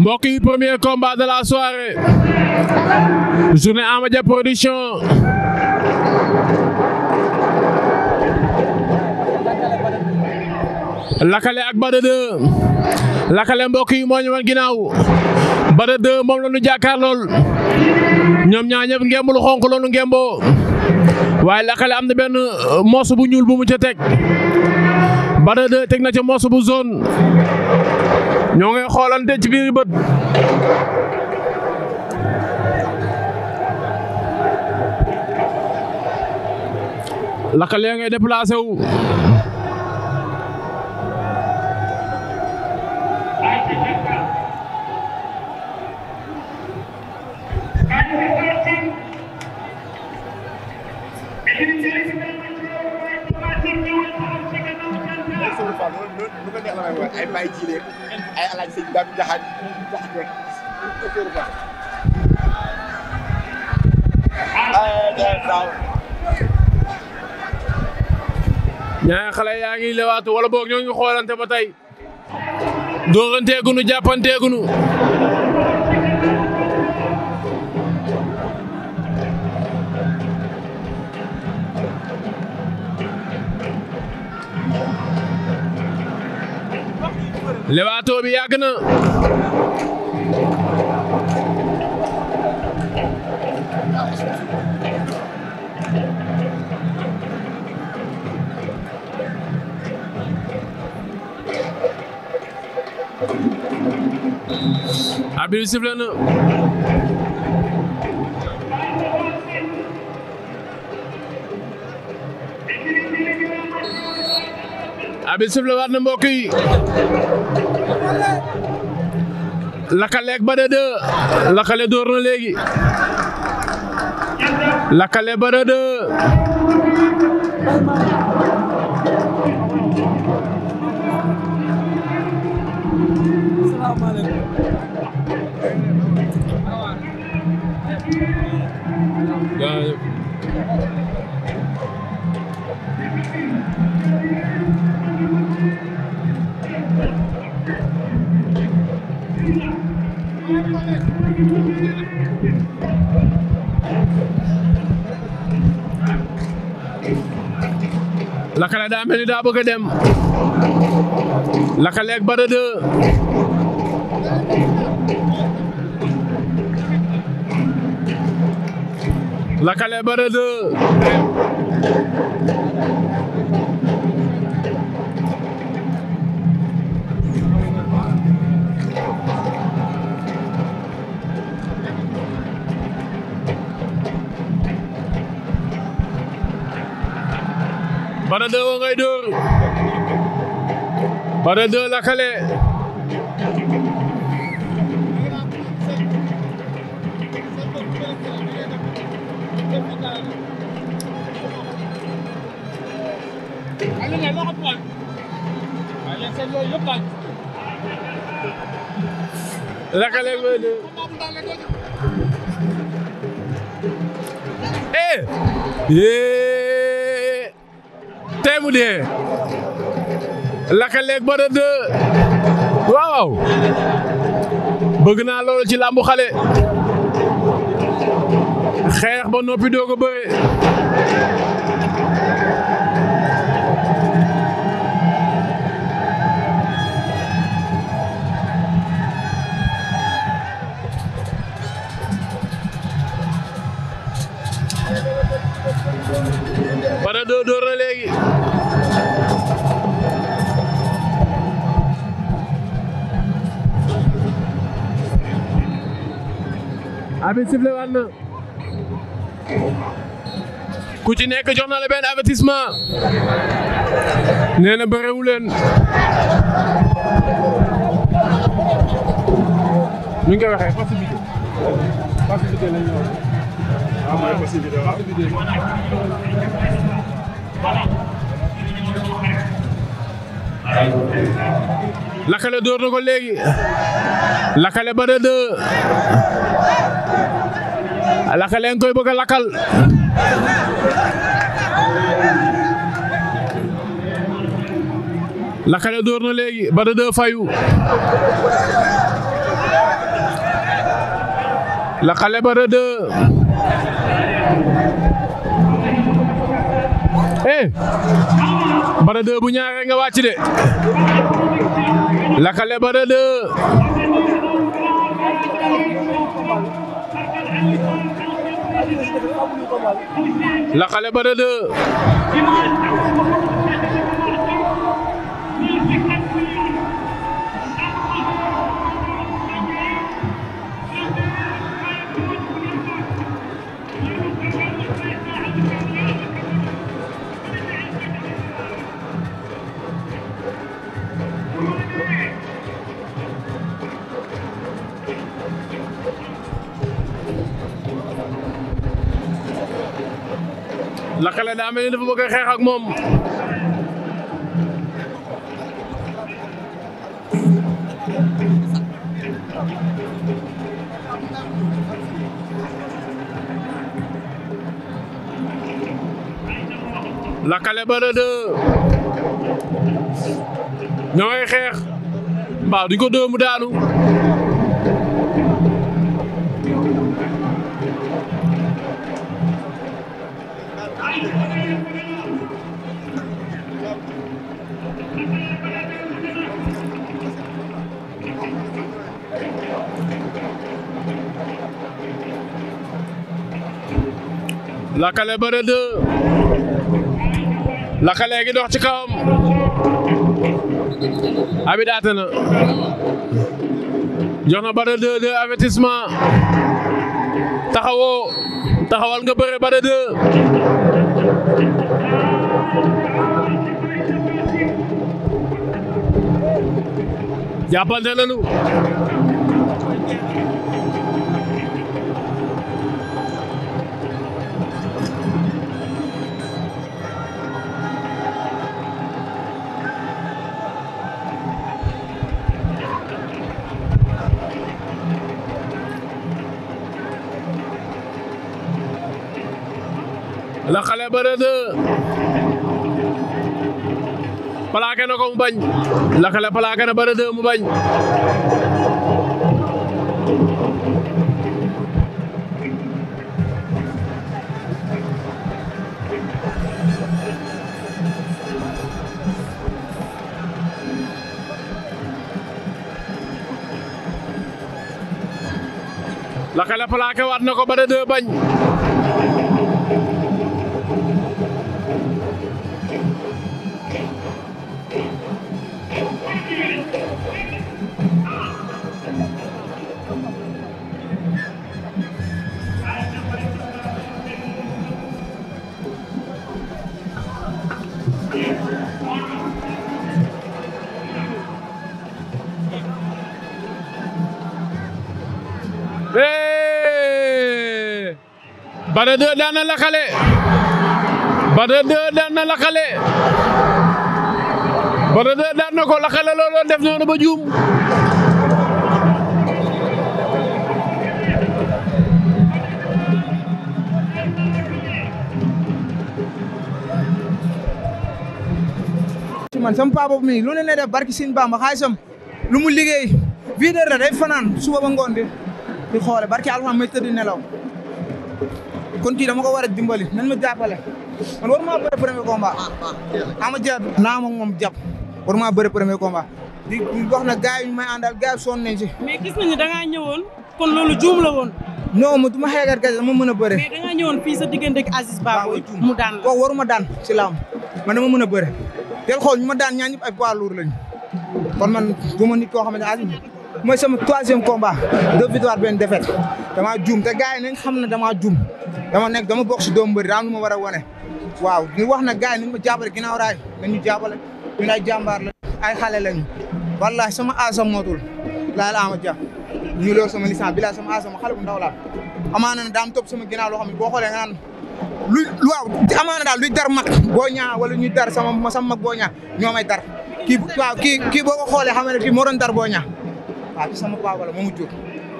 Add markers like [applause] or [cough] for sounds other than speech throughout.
mbokk yi premier combat de la soirée journée Ama Dia production Lakalé ak Bada 2 Lakalé mbokk yi moo ñu ginnaaw Bada 2 moom la ñu jàkkaar lool ñoom ñaar ñëpp ngembul xonk loolu ngemboo waaye Lakalé am na benn euh, moos bu ñuul bu mu ca teg Bada teg na ca moos bu zone ñoo ngi xoolante ci biir bët laka lee ngay déplacé wu xale yaa ngi lewaatu wala boog ñoo ngi xoolante ba tey dóoranteegunu jàppanteegunu lewaatoo bi yàgg na arbitre bi sifflé na arbitre sifflé waat na mbokk yi Lakalek Bada 2 Lakale door na léegi Lakale Bada 2 lakale daa mel ni daa bëgg a dem lakale ak Bada 2 lakale Bada 2 Bada 2 wa ngay dóor Bada 2 lakale lakale mooy de eh yee tey mu dee lakaleeg ba rëdd waaw bëgg naa loolu ci làmbu xale xeex ba noppi doog a Modou Lo door na léegi abi sifle waat na ku ci nekk jox na la benn avertissement nee na bërewu leen ñu ngi koy waxee possibilité possibilité lañu wax ah, Lakkale door na ko léegi Lakkale ba na deux Lakkale nga koy bëgg a lakkal Lakkale door na léegi ba na fayu Lakkale ba na eh Bada 2 bu ñaaree nga wàcc de Lakalé Bada 2 Lakkale daa mel ni dafa bëgg a xeex ak moom. Lakkale Bada 2 ñooy xeex mbaa duñ ko dóomu daanu. Lakkale bëre deux Lakkale gi dox ci kawam abi daate na jox na bëre deux deux avertissement taxawoo taxawal nga bëre bëre deux jàppante nañu Bara 2 plaqué na ko mu bañ Lakkale plaqué na Bara mu bañ Bada 2 daan na la xale Bada 2 daan ko la looloo def noonu ba juum man sama papa lu ne ne def barki sin Bamba xaalisam lu mu liggéey vidéo la day fanaan suba ba ngoon di di xoole barki alxam nelaw kon kii dama ko war a dimbali nan ma jàppale man war maa bëri premier ama jàpp naa ma moom jàpp war maa bëri premier di wax na gars yi ñu may àndal gars yi sonn nañ si. mais gis nañu da ñëwoon. kon loolu juum la woon. non ma du ma xeexal gars dama mën a bëre. mais da ngaa ñëwoon fii sa diggante ak Aziz Baboy mu daan la kooku daan si ma na ma mën a bëre. teel xool ñu ma daan ñaa ñëpp ay poids lourd lañu kon man du ma nit koo xamante ne mooy sama troisième komba deux victoires benn défaite damaa juum te gars yi nañ xam ne damaa juum dama nekk dama bokk si doomu mbëri daa nu ma war a wane waaw ñu wax na gars yi nañ ma jàppale ginnaaw raay nañu jàppale ñun ay jàmbaar la ay xale lañu wallahi sama aasa mootul laa la ama ja ñu loolu sama licence bi laa sama aasa ma xale bu ndaw amaana na daam topp sama ginnaaw loo mi boo xoolee naan lu waaw amaana daal luy dar mag boo ñaa wala ñuy dar sama sama mag boo ñaa ñoo may dar ki waaw kii kii boo ko xoolee xam ne kii moo doon dar boo ñaa waaw ci sama papa la moo ma jur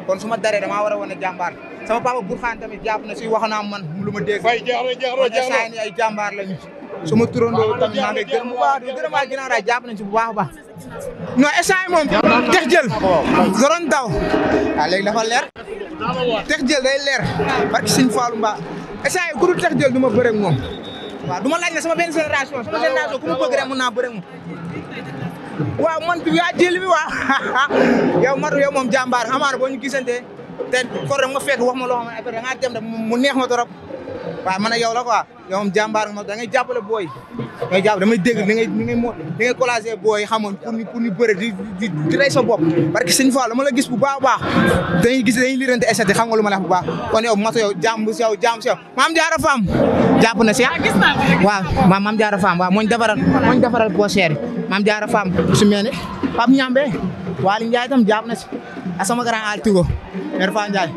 kon su ma daree damaa war a wane jàmbaar sama papa Bourkhane tamit jàpp na si wax naa man lu ma dégg. fay jeex na jeex jàmbaar lañu. su ma turandoo tamit maa ngi gërëm bu baax di gërëm waa ginnaaw daal jàpp nañu si bu baax a baax. non échange moom. tex jël. doron daw. waaw ah, léegi dafa leer. tex jël day leer. barke Sëñ Fallou Mba. échange ku dul jël du ma bëre ak moom. waaw du ma laaj ne sama benn génération sama génération ku mu bëgg rek mën naa bëre moom. waaw man yaa jël bi waaw [laughs] yow Matou yow moom jàmbaar amaana boo ñu gisante te kor ma fekk wax ma loo xam ne après da ngaa dem de mu neex ma trop waaw man ak yow la quoi yow moom jàmbaar nga ma da ngay jàppale booy ngay jàpp damay dégg ni ngay ni ngay mo ni ngay collagé booy xamoon pour ñu pour ñu bëre di di di rey sa bopp parce que sëñ Fall dama la gis bu baax a baax dañuy gis dañuy lirante essai xam nga lu ma la wax bu baax kon yow Matou yow jàmm si yow jàmm si yow maam jaara faam jàpp na si ah? Ah, waaw waaw maam jaara faam waaw mooñ defaral mooñ defaral boo seer maam jaara faam su mel ne Pape Ñambe Waly Ndiaye tam jàpp na si ak sama grand altigo Erfa Ndiaye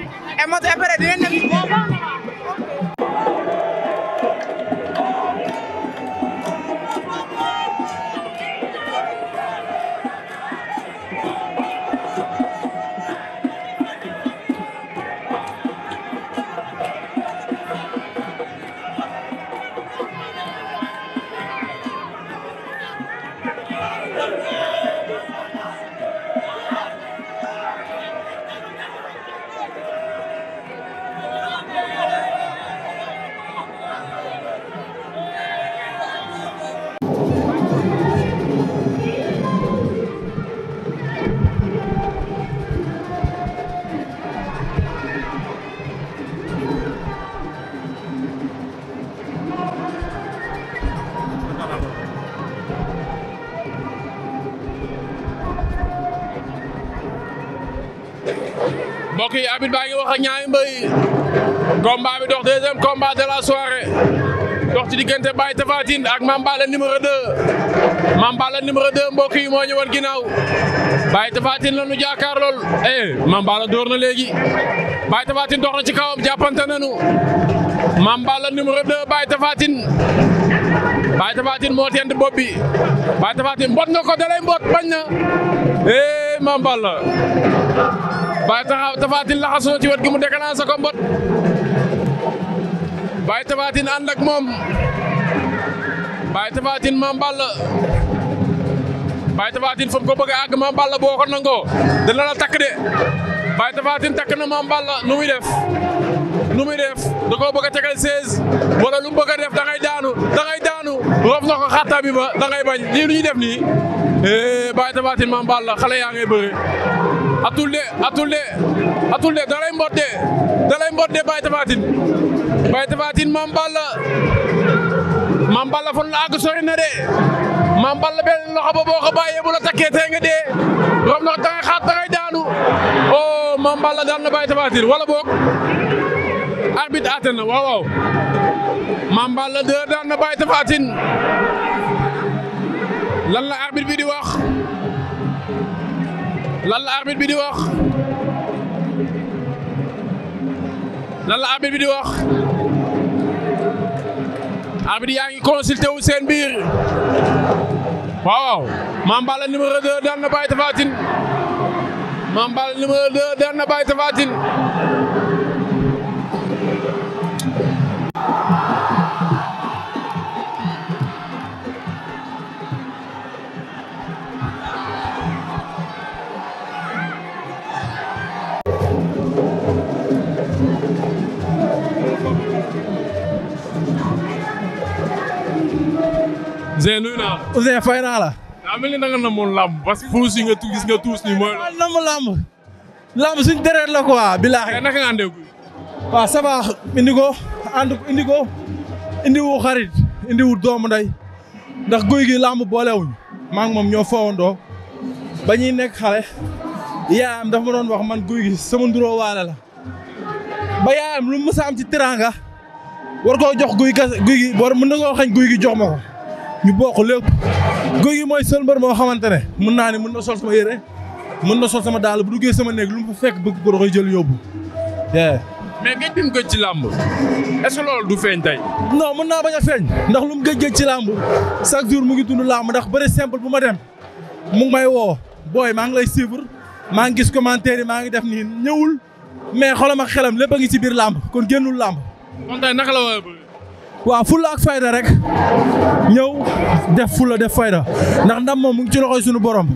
abit baa ngi wax ak ci diggante Baye Tapha Tine ak Mame Balla yi moo ñëwoon ginnaaw Baye Tapha Tine la nu jaakaar lool eh Mame Balla door na léegi Baye Tapha ci kawam jàppante nañu Mame Balla numéro 2 Baye Tapha Tine Baye Tapha Tine moo teent bopp bi Baye Tapha ko dalay mbot bañ na eh Mame Baye taxaw Tapha Tine ci wet gi mu déclenché ko mbot Baye Tapha moom Baye Tapha Tine Mame Balla Baye a àgg nangoo dina la takk de Baye Tapha takk na Mame Balla nu muy def nu muy def da koo bëgg a tegal 16 wala lu a def da ngay daanu da ngay daanu roof na xataa bi ba da bañ lii lu def nii eh, Baye Tapha Tine Mame Balla xale yaa ngay bëre atul de atul de atul de de da lay de Baye Tapha Tine Baye Tapha Balla Mame Balla fan la àgg sori de Mame Balla benn loxo ba boo ko bu la takkee tee nga dee loolu nag da daanu oh Mame Balla daan na Baye Tapha boog arbitre àtte na waaw waaw Balla daan na Baye Tapha lan la arbitre bi wax. lan la arbitre bi di wax lan la arbitre bi di wax arbitre yaa ngi consulté wu seen biir waaw Mame Balla numéro 2 daan na Baye Tapha Tine Mame Balla numéro 2 daan na Baye Tapha Tine Ouzin nuyu naa la. Ouzin fay naa la. daa mel ni da nga namoon parce que puus yi nga gis nga tuus nii mooy. waaw namu làmb. làmb suñ deret la quoi bilaahi. naka nga àndee guy. waaw ça indi ko ànd indi ko indi wu xarit indi wu doomu nday ndax guy gi làmb boolewuñ maa moom ñoo foowandoo ba ñuy nekk xale yaayam dafa ma doon wax man guy gi sama nduroo waale la lu mu mës a am ci teraanga war koo jox guy gas guy gi war mën na xañ guy gi jox ma ñu bokk lépp guy mooy seul mbër moo xamante ne mën naa ne mën na sol sama yére mën na sol sama daal bu duggee sama néeg lu mu fekk bëgg ko da koy jël yóbbu. mais gëj bi mu gëj ci làmb est-ce que loolu du feeñ tey. non mën naa bañ a feeñ ndax lu mu gëj gëj ci làmb chaque jour mu ngi dund làmb ndax bëri simple bu ma dem mu may woo booy maa ngi lay suivre maa ngi gis commentaire yi maa ngi def nii ñëwul mais xolam ak xelam lépp a ngi ci biir làmb kon génnul làmb. kon tey naka waaw fulla ak fayda rek ñëw def fulla def fayda ndax ndam moom mu ngi ci loxoy sunu borom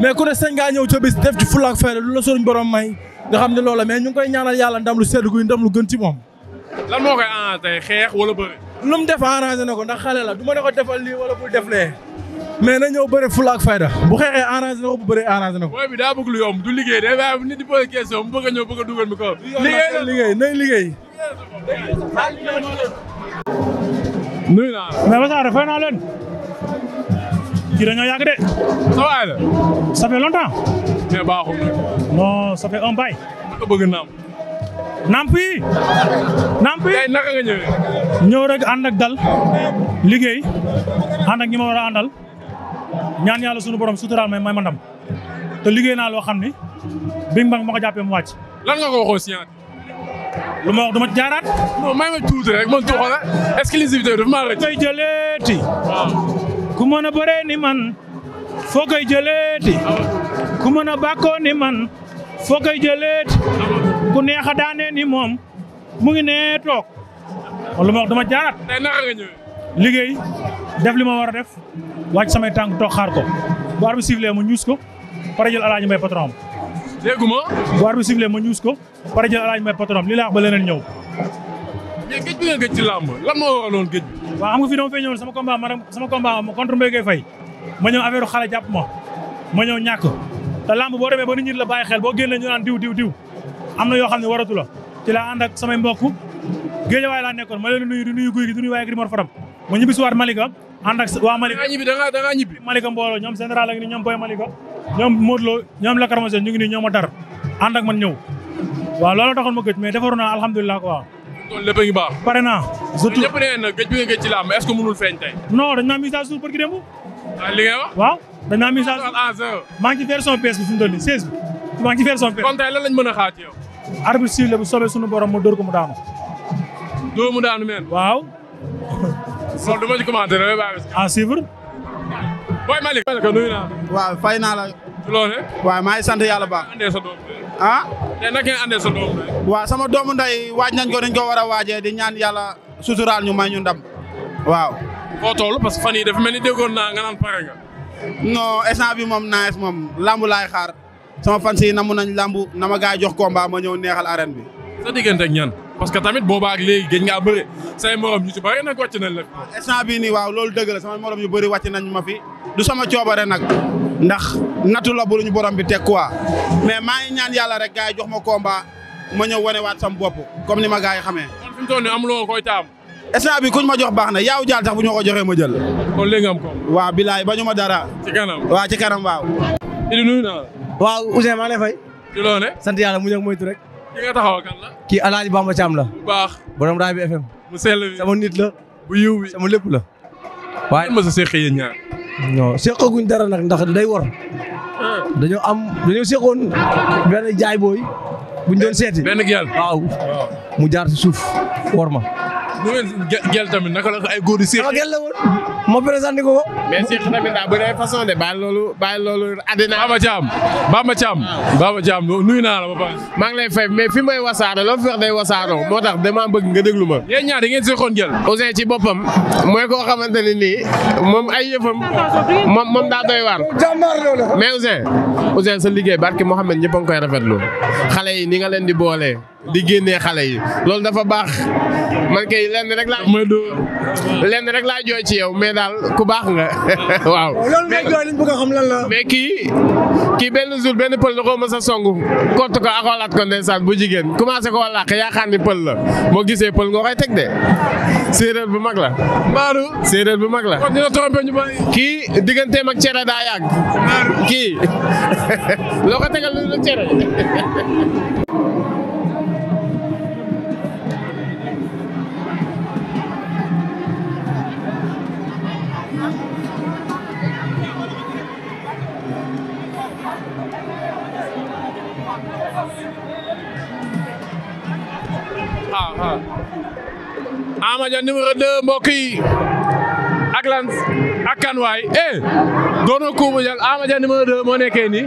mais ku ne sañ ngaa ñëw ca bis def ci fulla ak fayda lu la suñu borom may nga xam ne loola mais ñu ngi koy ñaanal yàlla ndam lu sedd guy ndam lu gën ci moom. lan moo koy xeex wala bëri. lu mu def arrangé na ko ndax xale la du ma ne ko defal lii wala bul def lee mais na ñëw bëre fulla ak fayda bu xeexee arrangé na bu bëree arrangé na ko. bi daa bëgg lu yomb du liggéey day waaye nit di posé question ñëw bëgg a dugal mi ko. liggéey nuyu naa la. mais Wassare fay naa leen. kii dañoo yàgg de. sa waay la. ça fait longtemps. mais baaxul rek ànd ak liggéey ànd ak ñi ma war àndal. ñaan yàlla sunu borom suturaal may may ma te liggéey naa loo xam ni. bi mu mag ma ko lu ma wax du ma jaaraat. non maa ngi tuuti rek man tuuxoon na exclusivité bi dafa maa rëcc. koy jëleeti. ku mën a bëree ni man foo kay jëleeti. ku mën a bàkkoo ni man foo kay jëleeti. ku neex a daanee ni moom mu ngi ne toog kon lu ma wax du ma jaaraat. liggéey def li ma war a def wàcc samay tànk toog xaar ko bu arbitre bi sifflee mu ñuus ko pare jël alaaji mbay patron dégguma. bu arbitre bi ma ñuus ko pare jël alaaj may patron li laa wax ba leneen ñëw. mais géej bi nga géej ci làmb lan moo waraloon géej bi. waaw xam nga fi dama fee ñëwoon sama combat ma sama combat ma contre Mbaye ma ñëw affaire xale jàpp ma ma ñëw ñàkk te làmb boo demee ba nit ñi la bàyyi xel boo génnee ñu naan diw diw diw am na yoo xam ne la ci laa ànd ak samay mbokk géejawaay laa nekkoon ma leen di nuyu di nuyu guy gi di nuyu waaye ma ñibbi ñoom Modou Lo ñoom Lac Ramassène ñu ngi nii ñoo ma dar ànd ak man ñëw waaw loolu taxoon ma gëj mais defaru naa alhamdulilah quoi. kon lépp a naa. surtout ñëpp bi nga gëj ci làmb est-ce feeñ tey. non dañ maa mise à jour pour ah, waaw dañ maa mise à jour. maa ngi ci version PS bi fi mu toll nii 16 bi. maa ngi ci version PS. kon tey a la borom ma dóor mu daanu. dóor daanu meen. waaw. loolu dama ci commenté rek. à suivre. Boy Malick. waaw fay naa la. loolu. waaw maa ngi sant yàlla baax. ah. tey waaw sama doomu ndey waaj nañ ko dañ ko war a waajee di ñaan yàlla suturaal ñu may ñu ndam. waaw. foo parce que fan yii dafa mel ni déggoon naa nga naan pare nga. non bi moom naaj moom lambu laay xaar sama fan si namu nañ lambu nama ma gaay jox combat ma ñëw neexal arène bi. sa diggante ak ñan. parce que tamit boobaa ak léegi gëj ngaa bëre say morom ñu ci bëri nag wàcc nañ la. instant waaw loolu dëgg sama morom yu bëri wàcc nañ ma fi du sama coobare nag ndax nattu la bu bi teg quoi mais maa ngi ñaan yàlla rek gars jox ma combat ma ñëw waat sama bopp comme ni ma ga yi xamee. kon fi mu loo koy taam. instant bi kuñ ma jox baax na yaaw jaal tax bu ñu ko joxee ma jël. kon léegi nga am ko. waaw bilaay bañu ma dara. ci kanam waaw ci kanam waaw. Idy nuyu naa la. fay. ci loone mu ñëw moytu rek ki nga taxaw kan la. kii Alaaji la. bu baax borom raay bi FM. mu sell sama nit la. bu yiw sama lépp la. waaye ma sa seqee yéen ñaar. non seqaguñ dara nag ndax day wor ah. dañoo am dañoo seqoon benn jaay booy. buñ doon seeti benn gel mu jaar si suuf war ma. bu ngeen gel tamit naka la ko ay góor yu séex. gel la woon ko. mais séex tamit daa bëri façon de bàyyi loolu bàyyi loolu ba Baba Thiam Baba Thiam. Baba Thiam nuyu naa la ba pare. maa ngi lay fay mais fi may wasaare loo fi wax day wasaaroo moo tax damaa bëgg nga déglu ma. yéen ñaar da ngeen séexoon gel. Ouzin ci boppam mooy koo xamante ne nii moom ay yëfam moom moom daa doy waar. jàmbaar loolu. mais Ouzin Ouzin sa liggéey barke Mouhamed ñëpp a ngi koy rafetlu xale yi ni nga leen di génnee xale yi loolu dafa baax man kay lenn rek laa. ma dóor lenn rek laa jooy ci yow mais daal ku baax nga [laughs] waaw. Oh, loolu kii kii benn jour benn pël da koo mës a song kott ko akolaat ko ndeysaan bu jigéen commencé ko làq yaakaar ni pël la boo gisee pël nga koy teg de séeréer bu mag la. Maodo séeréer bu mag la. kon kii digganteem ak cere daa yàgg. kii [laughs] loo ko tegal lu cere. [laughs] Ama Dia numéro 2 mbokk yi ak lan ak kan waay eh doon kuubu jël Ama Dia numéro 2 moo nekkee nii.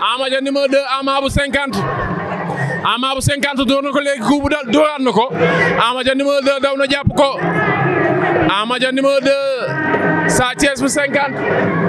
Ama Dia numéro 2 Ama bu 50 Ama ko léegi kuubu dal dooraat na ko Ama Dia numéro 2 daw na jàpp ko Ama Dia numéro 2 Sa Thiès bu 50.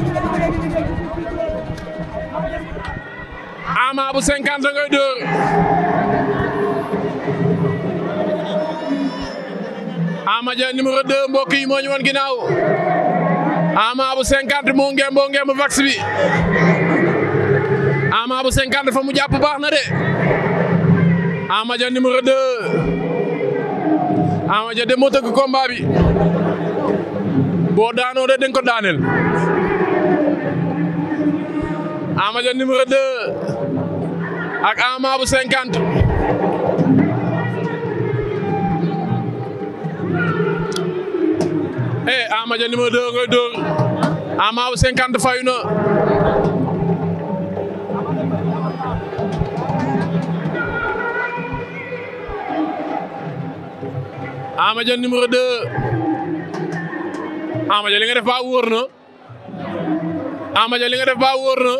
ama bu cinquante ngay dóor Ama Dia numéro deux mbokk yi moo ñu ama bu cinquante moo ngeem boo ngeem vax bi ama bu cinquante fa mu jàpp baax na de Ama Dia numéro deux Ama Dia de moo tëgg combat boo daanoo de dañ daaneel ak Ama bu cinquante eh Ama Dia bu cinquante fayu na Ama Dia numéro deux Ama Dia li nga def ba wóor na Ama Dia li nga def ba wóor na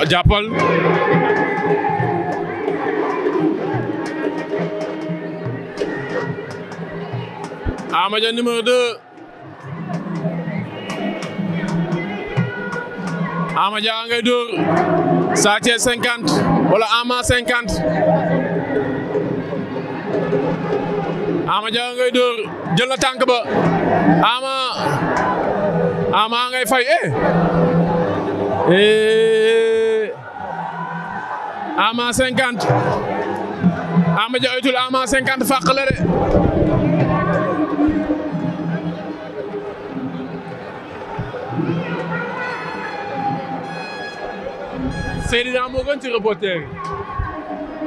oh, Ama Dia numéro de Ama Dia ngay dóor Sa Thiès cinquante wala Ama cinquante. Ama Dia ngay dóor jël na tànk ba Ama Ama ngay fay eh. eh. Ama cinquante Ama Dia oytul Ama cinquante fàq la de. Seydina moo gën ci reporter yi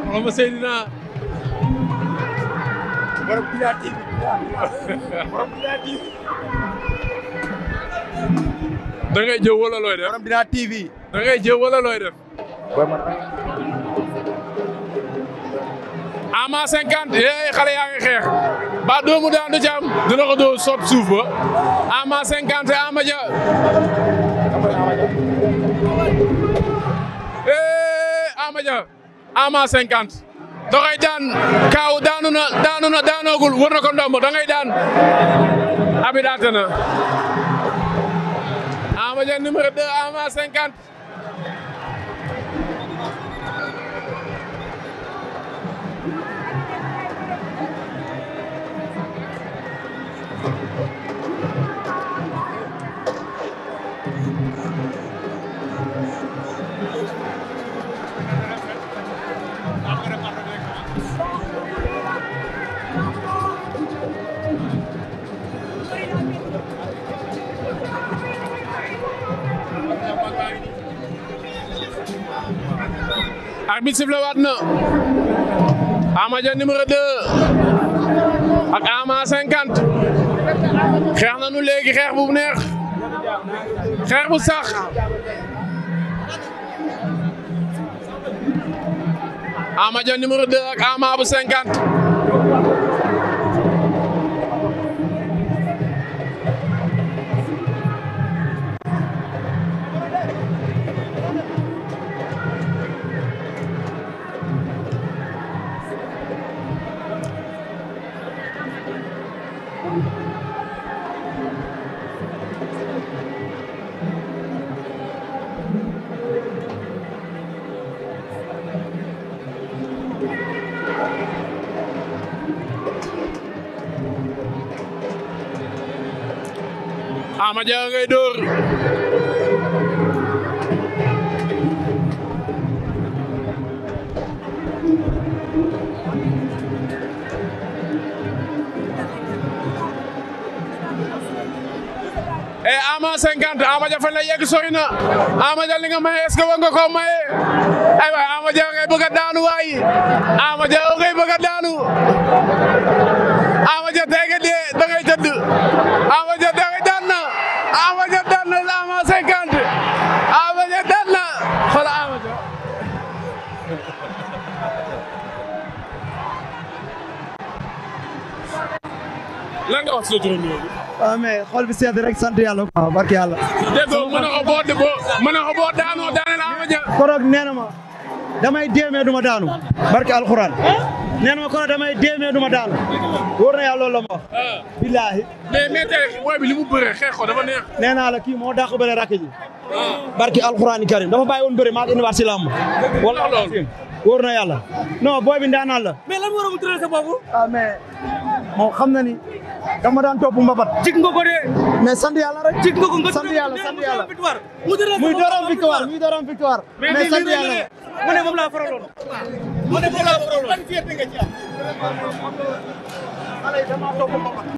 xam nga Seydina. borom Bila looy def borom Bila TV. da eh, yaa ngi xeex ba doomu daan du ci am dina sot suuf ba ama 50 Dia ama 50 da koy daan kaaw daanu na daanu na daanoogul wër na ko ndomb da daan abi daate Ama Dia numéro 2 ama 50 arbitre sifflé waat na Ama Dia numéro 2 ak Ama 50 xeex nañu léegi xeex bu neex xeex bu sax Ama Dia numéro 2 ak Ama bu 50 Ama Dia ngay dóor e ama 50 li nga maye est-ce que war nga Ama Dia ngay bëgg daanu waay Ama Dia ngay bëgg daanu Ama Dia tey nga dee tëdd Ama Dia nga wax si ma jël. koroog nee na ma damay déemee du ma daanu. barke alxuraan. nee na ma koroog damay déemee du ma daanu. wóor na yàlla loolu la ma wax. Ah. billaahi. mais mais tey booy bi li mu bëree xeex nee naa la kii moo dàq bëre rakk ji. Ah. barke alxuraan karim dafa bàyyi woon bëre maa ngi indiwaat si làmb. wala loolu wóor na yàlla non booy bi ndaanaan la. mais lan moo waral mu tëral sa bopp. dama daan topp mbapat. jig nga ko mais sant yàlla rek. jig nga ko nga sant yàlla sant yàlla. muy dooram victoire muy dooram victoire. mais sant yàlla rek. mu ne moom nga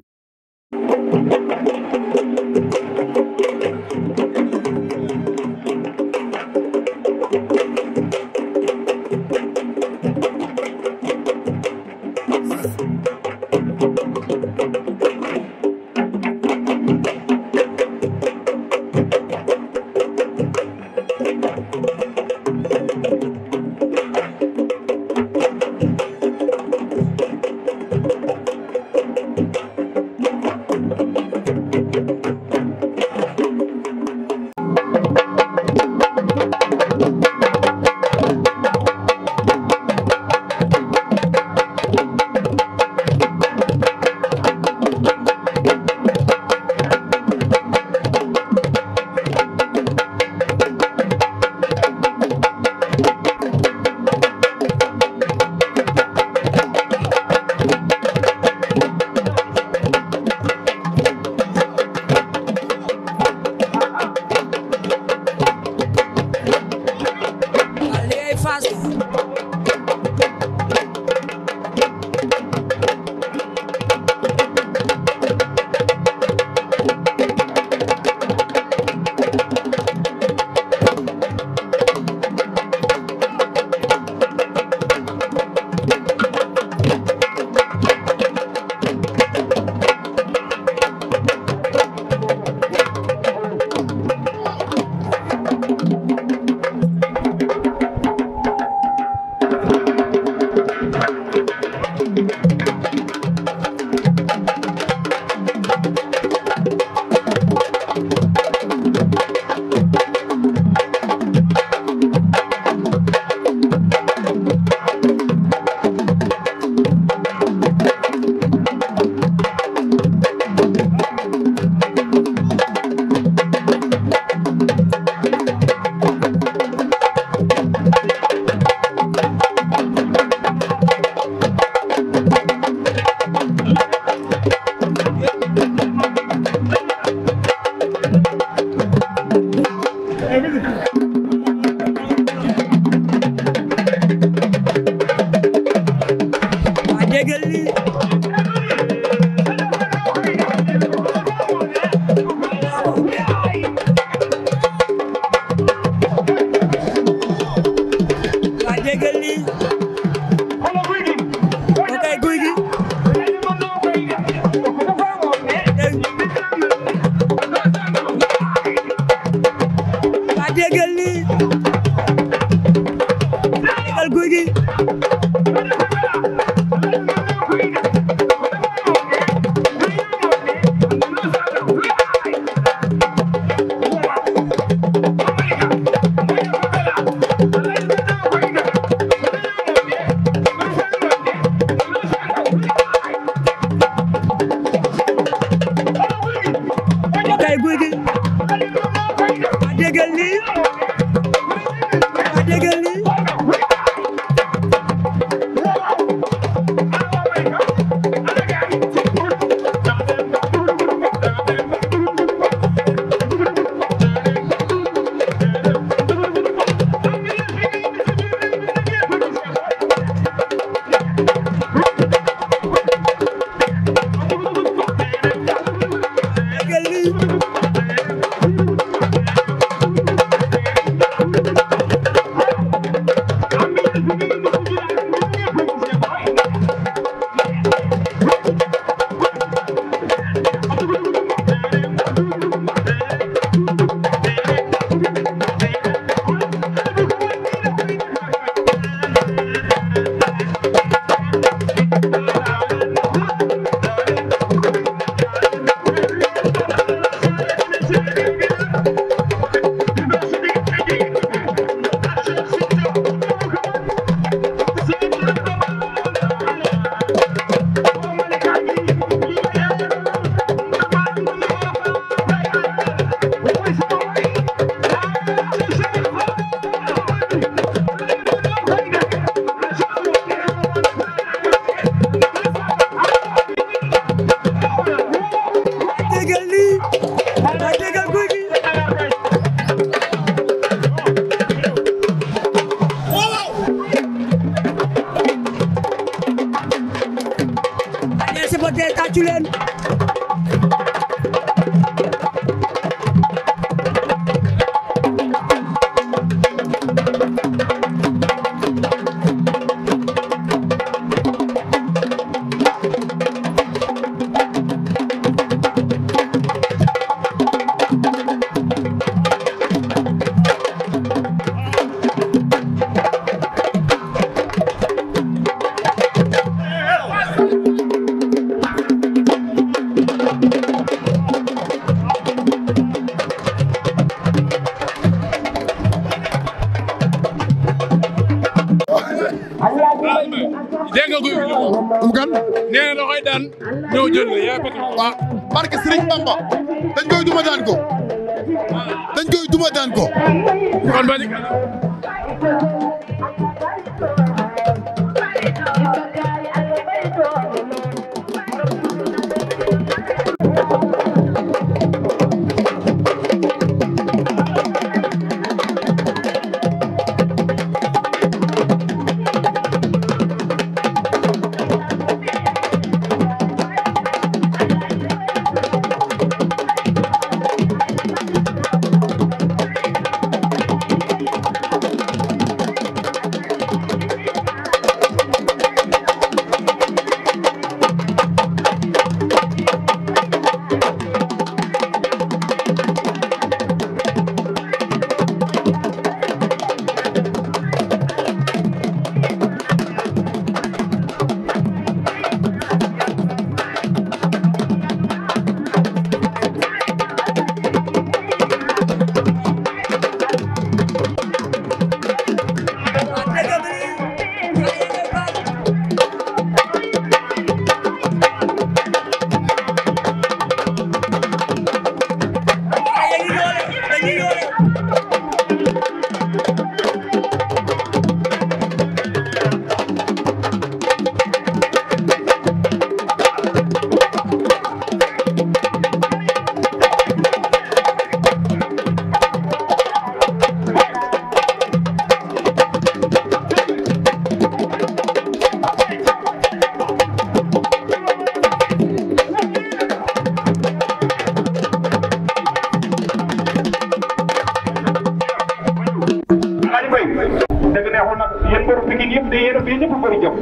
yéen yëpp day yéen a yéen ñëpp a bëri jom.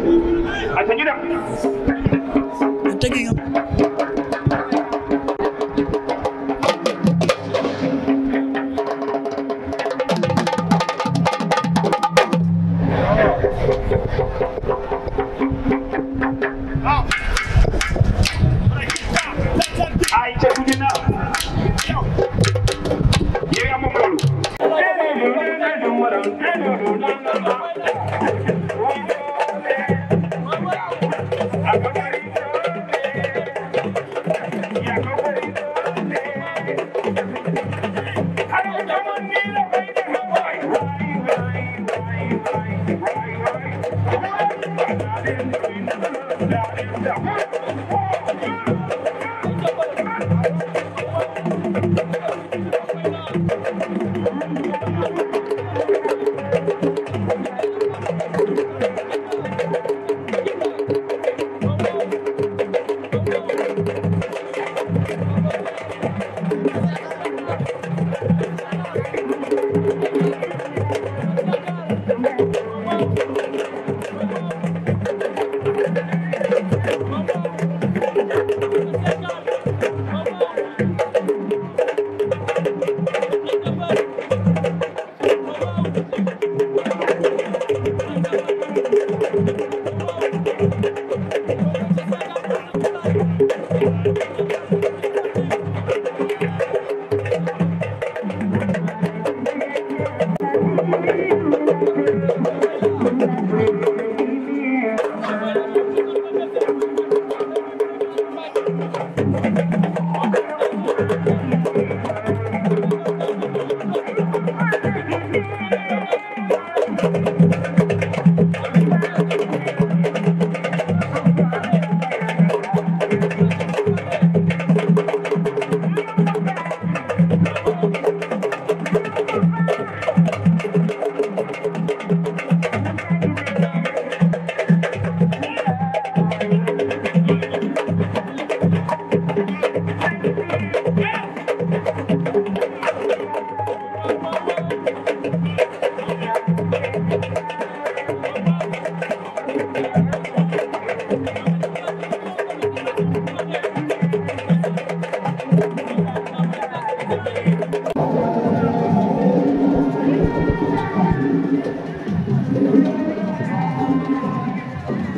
ayca ñu dem.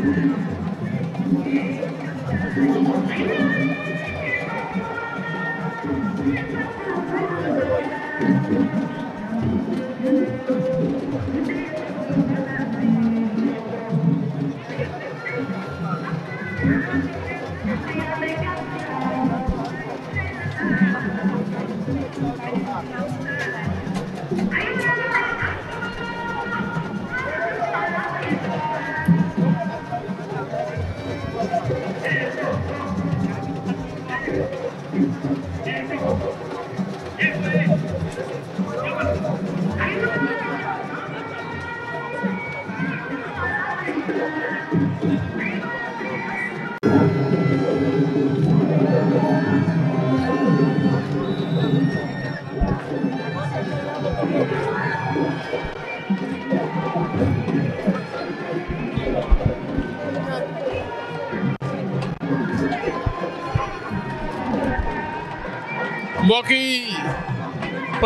Thank you.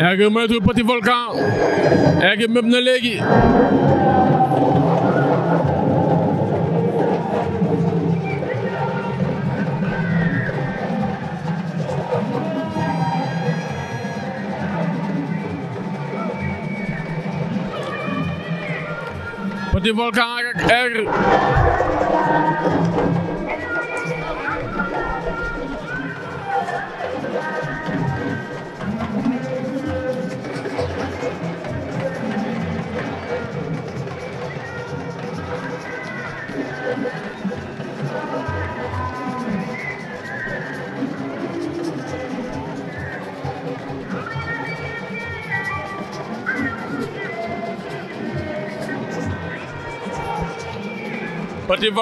yaa ngi moytu petit volcan na léegi petit volcan rek Petit ee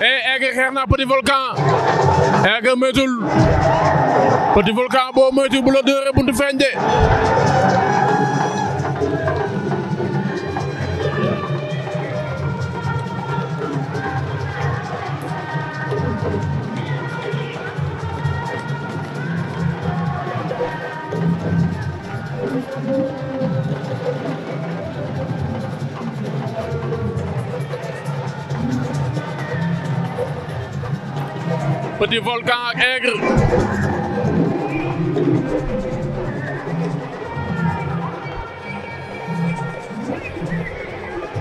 eh, Aigre xeex na Petit Volcan Aigre moytul Petit Volcan boo moytul bu la dóoree buntu feeñ volcan ak aigre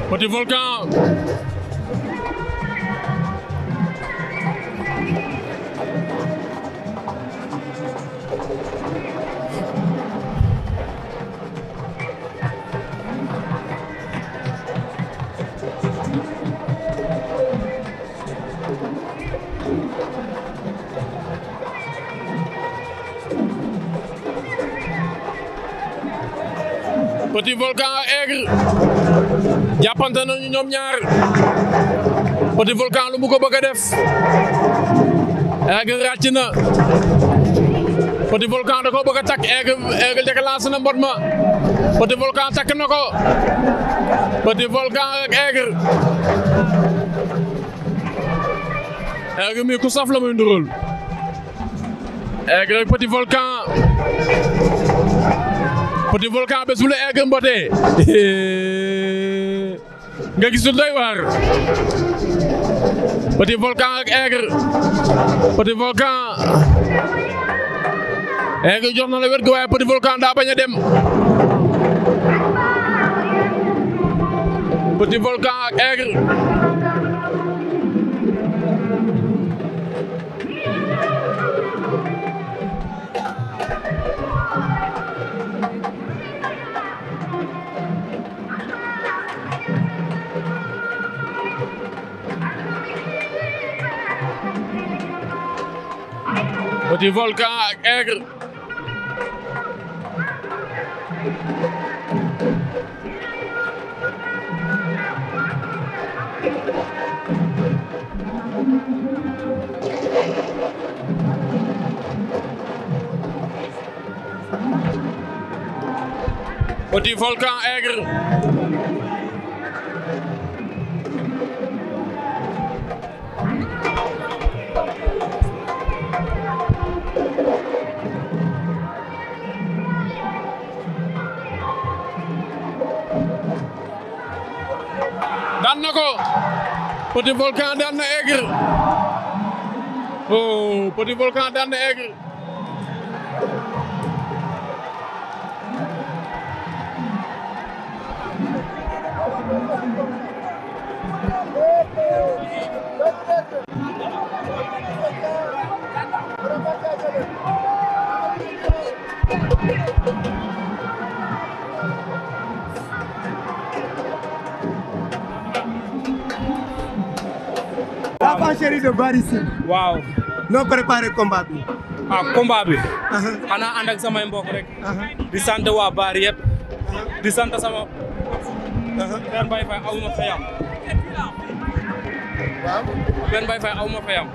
petit volcan jàppante nañu ñoom lu mu ko bëgg a def Aigle ràcc na Petit Volcan ko bëgg a takk Aigle Aigle déclenché na mbot ma Petit Volcan ko Petit Volcan ak Aigle Aigle mi ku saf la muy ndural Aigle ak Petit Volcan Petit Volcan bés [laughs] nga gis lu doy waar Petit Volcan ak Aigre Petit Volcan Aigre jox na la wet gi daa bañ a dem Petit Volcan ak Aigre di volcan ak aigre petit volcan aigre daan na ko Petit Volcan daan na Aigre oh Petit la chérie de Bary Sine. waaw. noo préparé combat bi. ah combat bi. Uh-huh. xanaa ànd samay mbokk rek. Uh-huh. di sant waa Bary yëpp. Uh-huh. di sant sama. benn bay fay aw ma fayam. waaw. benn bay fay aw ma fayam.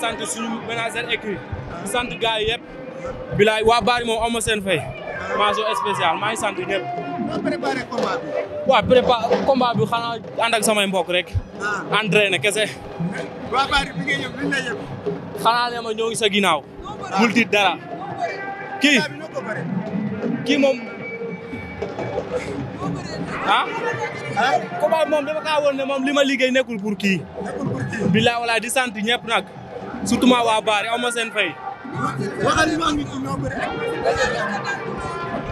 sant suñu ménagère écrit. di sant gars yi yëpp. waa Bary moom aw ma seen fay. mention spéciale maay sant ñëpp. préparé combat bi. waaw xanaa ànd samay mbokk rek. Ah. entraîné kese. xanaa ne ma ñoo ngi sa ginnaaw. bul tiit dara. kii kii moom. Ah? ah. combat bi moom dama kaa woon moom li ma liggéey nekkul pour kii. nekkul pour kii di sant ñëpp nag. surtout ma waa Bary aw ma seen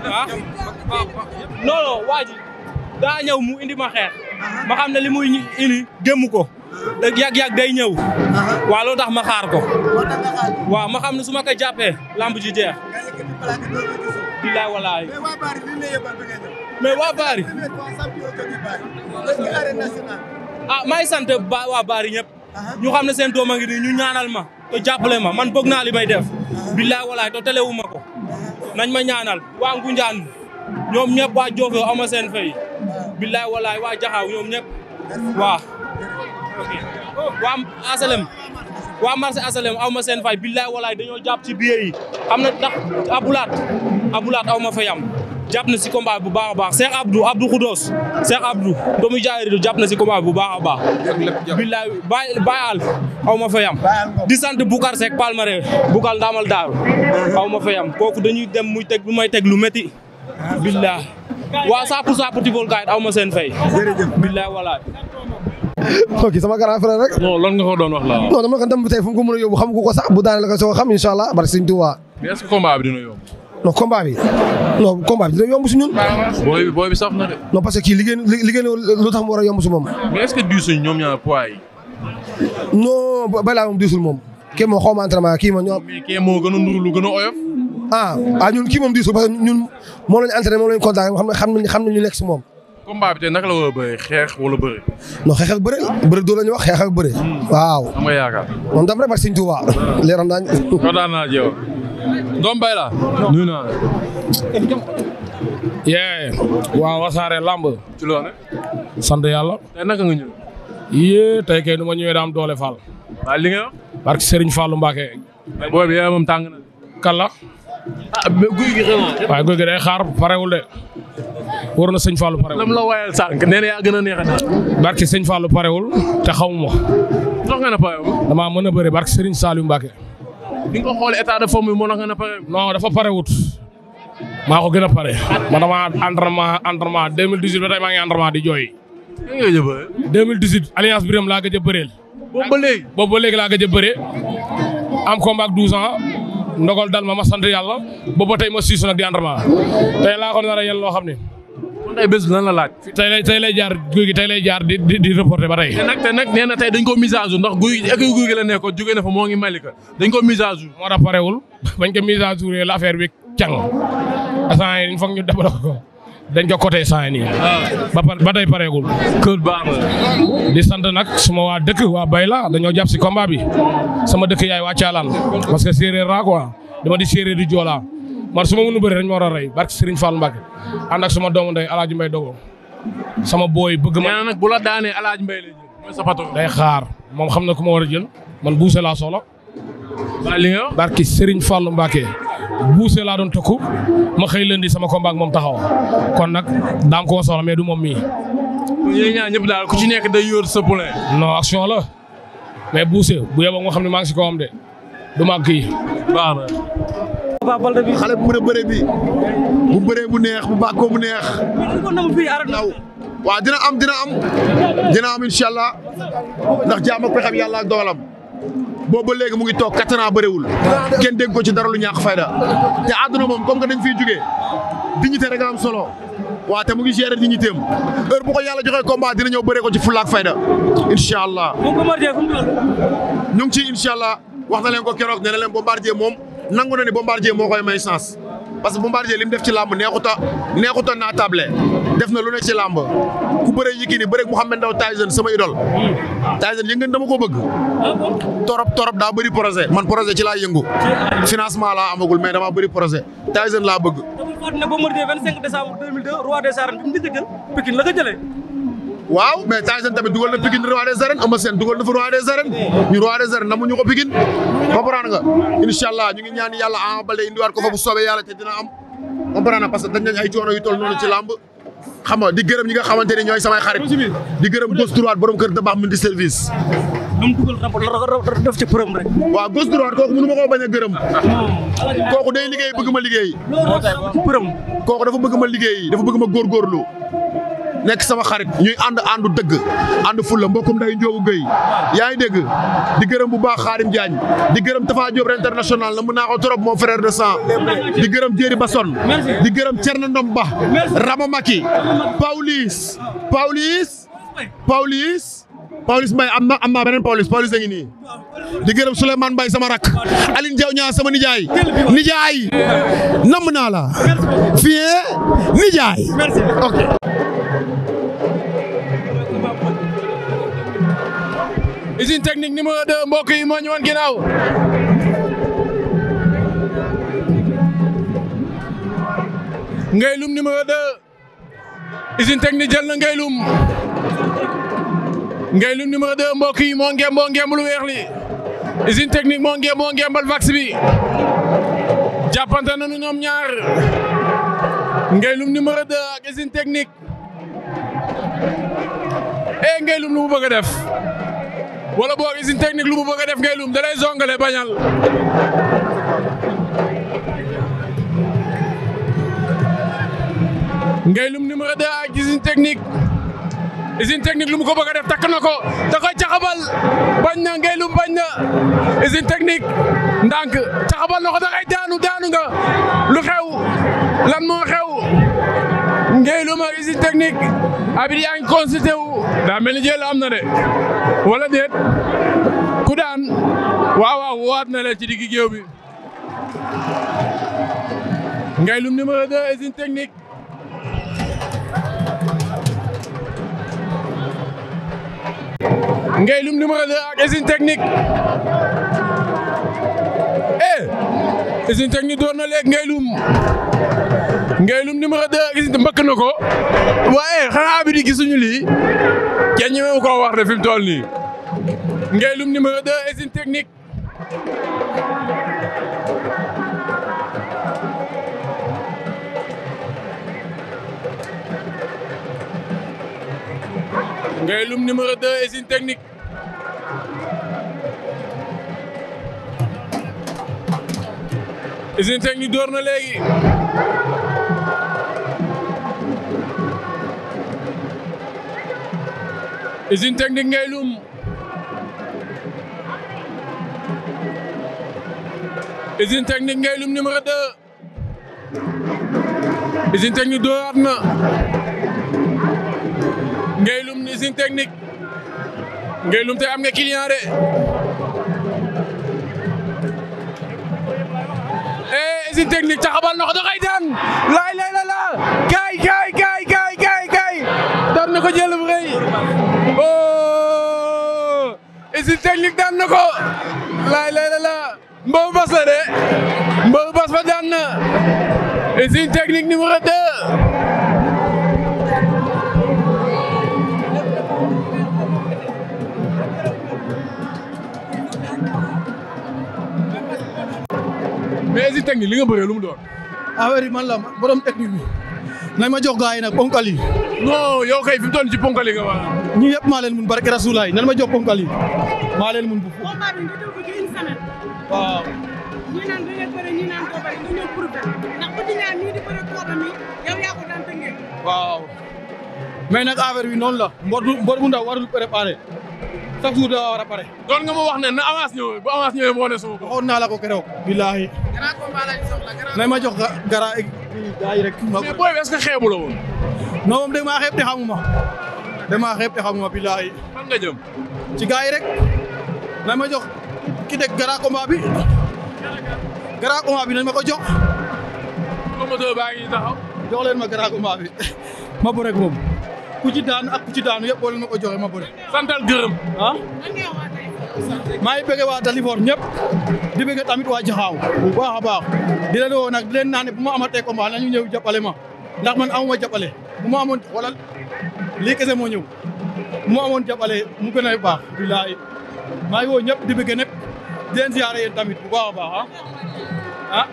ah non non waa ñëw mu indi ma xeex ma xam ne li muy indi gëmm ko dag yàgg-yàgg day ñëw waaw tax ma xaar ko waaw ma xam ne su ma ko jàppee lamb ji jeex bilaay walaay mais waa baari ah may sant ba waa baari ñëpp ñu xam ne seen doom a ngi nii ñu ñaanal ma te jàppale ma man bog naa li may def bilaay walaay te telewuma ko nañ ma ñaanal waa Ngunjaan ñoom ñëpp waa Diofior ama seen fay billaay walaay waa Jaxaaw ñoom ñëpp waa waa asalem waa marché asalem aw ma seen fay billaay walaay dañoo jàpp ci biir yi xam na ndax abulaat abulaat aw ma fayam jàpp na si combat bu baax a baax Cheikh Abdou Abdou Khoudos Cheikh Abdou doomu jaay jàpp na si combat bu baax a baax. billaay Baye Baye Al aw ma fa yam. di sant Boucar Seck Palmarin Boucar Ndamal Daaru aw ma fa kooku dañuy dem muy teg bu may teg lu métti. billaay waa saapu saapu ti volkaay aw ma seen fay. jërëjëf billaay walaay. ok sama grand frère rek. non nga ko doon wax la non dama ko dem tey fu mu ko a yóbbu xam ku ko sax bu daaneel ko soo non combat bi non combat bi dina yomb si ñun. booy bi booy bi saf na de. non parce que kii liggéey liggéey lu tax mu war a moom. mais est que diisuñ ñoom ñaar poids yi. balaa moom diisul moom. kii moom xaw ma entraînement kii ma ñoo. mais kii moo gën a a oyof. ah ah ñun kii moom diisul parce que ñun moom lañ entraîné moom lañ kontaan xam na xam nañ ñu nekk si moom. combat bi tey naka la war a bëree xeex wala bëri. non xeex ak bëri bëri doo la ñu wax xeex ak bëri. Hmm. waaw. am nga yaakaar. moom dama rek ak Sëñ Tuuba ah. leeram naa doom bay la naa yee waaw wasaare lamb ci yàlla tey naka nga ñëw yée tey kay nu ma ñëwee daam doole Fall barke Serigne Fallou Mbacke booy bi yaa moom tàng na kala ah guy gi xëy na waaye day xaar parewul de war na sëñ Fallou parewul lam la waayal sànq a neex a sëñ Fallou parewul te xaw dox nga mën a bëri barke sëriñ Saliou Mbacke bi nga ko xoolee état de forme bi moo tax nga pare. non dafa pare wut. maa ko gën a pare. man damaa entraînement entraînement 2018 ba tey maa ngi entraînement di jooy. nga gëj a bëree. 2018 alliance Birame laa gëj a bëreel. boobu ba léegi boobu ba léegi laa gëj a bëree. am combat ak 12 ans dal ma ma sant yàlla boobu ba tey ma siisu nag di entraînement tey laa ko nar a yel loo kon tey bés jaar guy gi tey lay jaar di di ba tey. te nag na tey dañ ko mise à jour ndax guy écurie guy gi la nekkoon jóge na fa moo ngi Malika dañ ko mise à jour. moo tax bañ ko mise à jour la affaire bi càng instant yii foog ñu dabal ko dañ ko côté saa ah. ba tey pareegul. kër baax na. di sant nag suma waa dëkk waa Bayla dañoo jàpp si combat bi sama dëkk yaay waa Thialane parce séeréer laa quoi dama di séeréer di Joola. man su ma mënu bëri dañ ma war a rey barke Serigne Fall Mbacke ànd ak sama doomu ndey Alaaji Mbay dogo sama booy bëgg ma. nee na nag bu la daanee Alaaji Mbay lay jël mooy sa patron. day xaar moom xam na ku ma war a jël man buuse laa soxla. waa li nga wax barke Serigne Fall ma xëy leen di sama combat ak moom taxaw kon nag daam ko soxla mais du moom mi yéen ñaa ñëpp daal ku ci nekk day yor sa poulain. non action la mais buuse bu yeboo nga xam ne maa ngi si kawam de du ma kii. Papa Baldé bi xale bu mën a bi bu bëree bu neex bu ko bu neex. waaw waaw dina am dina am dina am incha allah ndax jaam ak pexem yàlla ak boo boobu ba mu ngi toog quatre ans bëriwul kenn dégg ko ci dara lu ñàkk fayda te àdduna moom comme que dañ fiy jugee dignité rek am solo waaw te mu ngi gérer dignité am heure bu ko yàlla joxee combat dina ñëw bëree ko ci fulla ak fayda incha allah. ñu ngi ci incha allah wax na ko keroog nee na leen bombardier moom. nangu na ni Bombardier moo koy may chance parce que Bombardier li def ci làmb neexuta neexuta naa table def na lu ne ci làmb ku bëre Yékini bëre Mouhamed Ndao Tyson sama idole Tyson yëngal dama ko bëgg torop torop daa bëri projet man projet ci laa yëngu financement laa amagul mais dama bëri projet Tyson laa bëgg. dafa fàttali ne Bombardier 25 décembre 2002 roi des a la ko waaw mais Tyson tamit dugal na Pikine roi des arènes Eumeu Sène dugal na fa roi des arènes ñu roi des arènes namuñu nga incha allah ñu ngi ñaan yàlla Ama Baldé indiwaat ko fa bu soobee yàlla te dina am comprendre nga parce que dañ nañ ay coono yu toll noonu ci làmb xam nga di gërëm ñi nga xamante ne ñooy samay xarit di gërëm gos droit borom kër da baax min di service am dugal rapport def ci përëm rek waaw ma koo bañ a kooku day liggéey bëgg ma liggéey përëm kooku dafa bëgg ma liggéey dafa bëgg nekk sama xarit ñuy ànd àndu dëgg ànd fulla mbokkum day njoogu géy yaa ngi dégg di gërëm bu baax Xaarim Diagne di gërëm Tafa Diop international la naa ko trop mon frère de sang di gërëm Jéeri Basson di gërëm Cerno Ndom Ba Rama Maki Paulis Paulis Paulis Paulis Mbaye am na am naa beneen Paulis Paulis a ngi nii di gërëm Souleymane Mbaye sama rak Aline Diaw ñaa sama nijaay nijaay namm naa la fiyee eh? nijaay usine technique numéro 2 mbokk yi moo ñu woon ginnaaw. Ngaylum numéro 2 usine technique jël na Ngaylum Ngaylum numéro 2 mbokk yi moo ngem moo ngem lu weex li usine technique moo ngem ngembal vax bi jàppante nañu ñoom ñaar Ngaylum numéro 2 ak usine technique e eh, Ngaylum lu mu bëgg def. wala boog usine technique lu mu bëgg a def ngay lum da lay zongale bañal. ngay lum numéro 2 ak usine technique usine technique lu ko bëgg a def takk na ko da koy caxabal bañ na ngay lum bañ na usine technique ndànk caxabal na ko daanu daanu nga lu xew lan moo xew. Ngéylum ak usine technique abit yaa ngi consulté wu daa mel ni jël am na de wala déet ku daan waaw waaw woowaat na leen ci diggi géew bi Ngéylum numéro 2 usine technique technique eh usine teg ñu door na léegi ngay lum ngay mbëkk na ko waaye xanaa bi di gisuñu lii kenn ñemewu koo wax de fi mu toll nii ngay lum numéro 2 technique. Usine Technique door na léegi Usine Technique ngay lum Usine Technique ngay lum numéro 2 Usine Technique dooraat na ngay lum Usine Technique ngay lum te am nga client de usine technique taxabal na ko da koy daan laay lay la laa kaay kaay kaay kaay kaay kaay daan na ko jël bu rëy oh usine technique daan ko laay lay la laa mbaru bas la de mbaru bas fa daan na usine technique numéro 2 mais si technique li nga bëree lu doon. affaire yi man borom technique bi. nañ ma jox gars yi nag ponkal yi. non yow kay fi mu toll ci ponkal yi nga wax. ñi yëpp maa leen mun barke rasulaay nan ma jox ponkal yi mun bu. waaw. ñu naan du leen waaw mais nag affaire bi noonu la mbor bu ndaw warul préparé. chaque jour daa war a pare. doon nga ma wax ne na avance ñëwee bu avance ñëwee moo ne sama bopp. waxoon naa la ko keroog. billaahi. ma jox gara ak gars rek. mais booy est-ce que xeebu la woon. non moom damaa xeeb te xamuma. damaa xeeb te xamuma billaahi. ci gars rek. na ma jox ki teg grand combat bi. grand combat bi nañ ma ko jox. jox leen ma grand combat bi [laughs] ma bëre ak ku ci daanu ak ku ci daanu yëpp boole ma ko joxe ma bëri. santal gërëm. ah. maa ngi bëgg waa Dalifort ñëpp di tamit waa Jaxaaw bu baax a baax di leen woo nag di leen naan bu ma amatee combat nañu ñëw jàppale ma ndax man amuma jàppale bu ma amoon xoolal lii kese moo ñëw bu ma amoon jàppale mu gën a baax bilaay maa ngi woo ñëpp di bëgg ñëpp di leen ziare yéen tamit bu baax a baax ah ah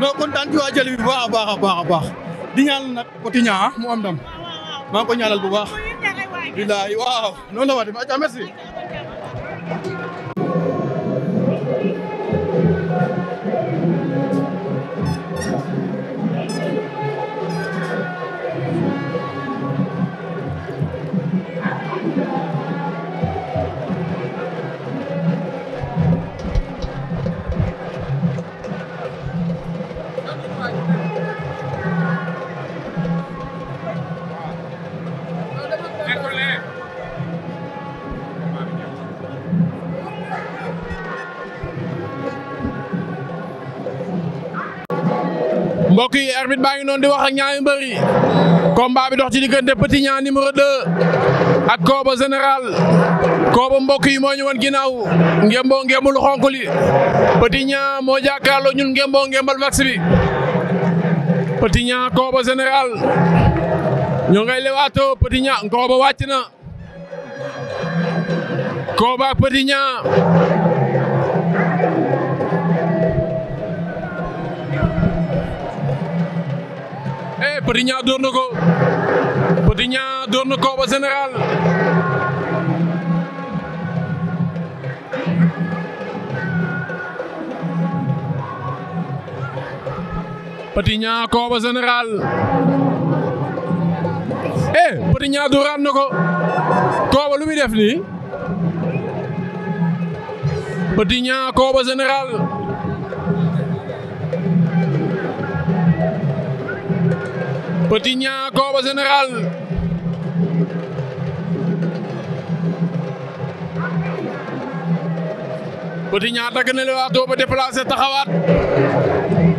non kontaan ci waa jëli bi baax a baax a baax a baax di ñaan nag Potignan ah, mu am ndam maa ngi ko ñaanal bu baax. bilaay waaw noonu la waa tamit merci. mbokk yi arbitre baa ngi noonu di wax ak ñaari mbër yi combat bi dox ci diggante Petit ñaa numéro 2 ak Kooba général Kooba mbokk yi moo ñu woon ngembul xonk li Petit Niang moo jàkkaarloo ñun ngemboo ngembal max bi Petit Kooba général ñoo ngay lewaatoo Petit Niang Kooba wàcc na Kooba ak Petit eh Petit Niang ko Petit Niang door na général Petit Niang Koba général eh, ko Koba lu muy def nii Petit Niang Koba général Petit Niang Kooba Général Petit Niang dagg na lewaatoo taxawaat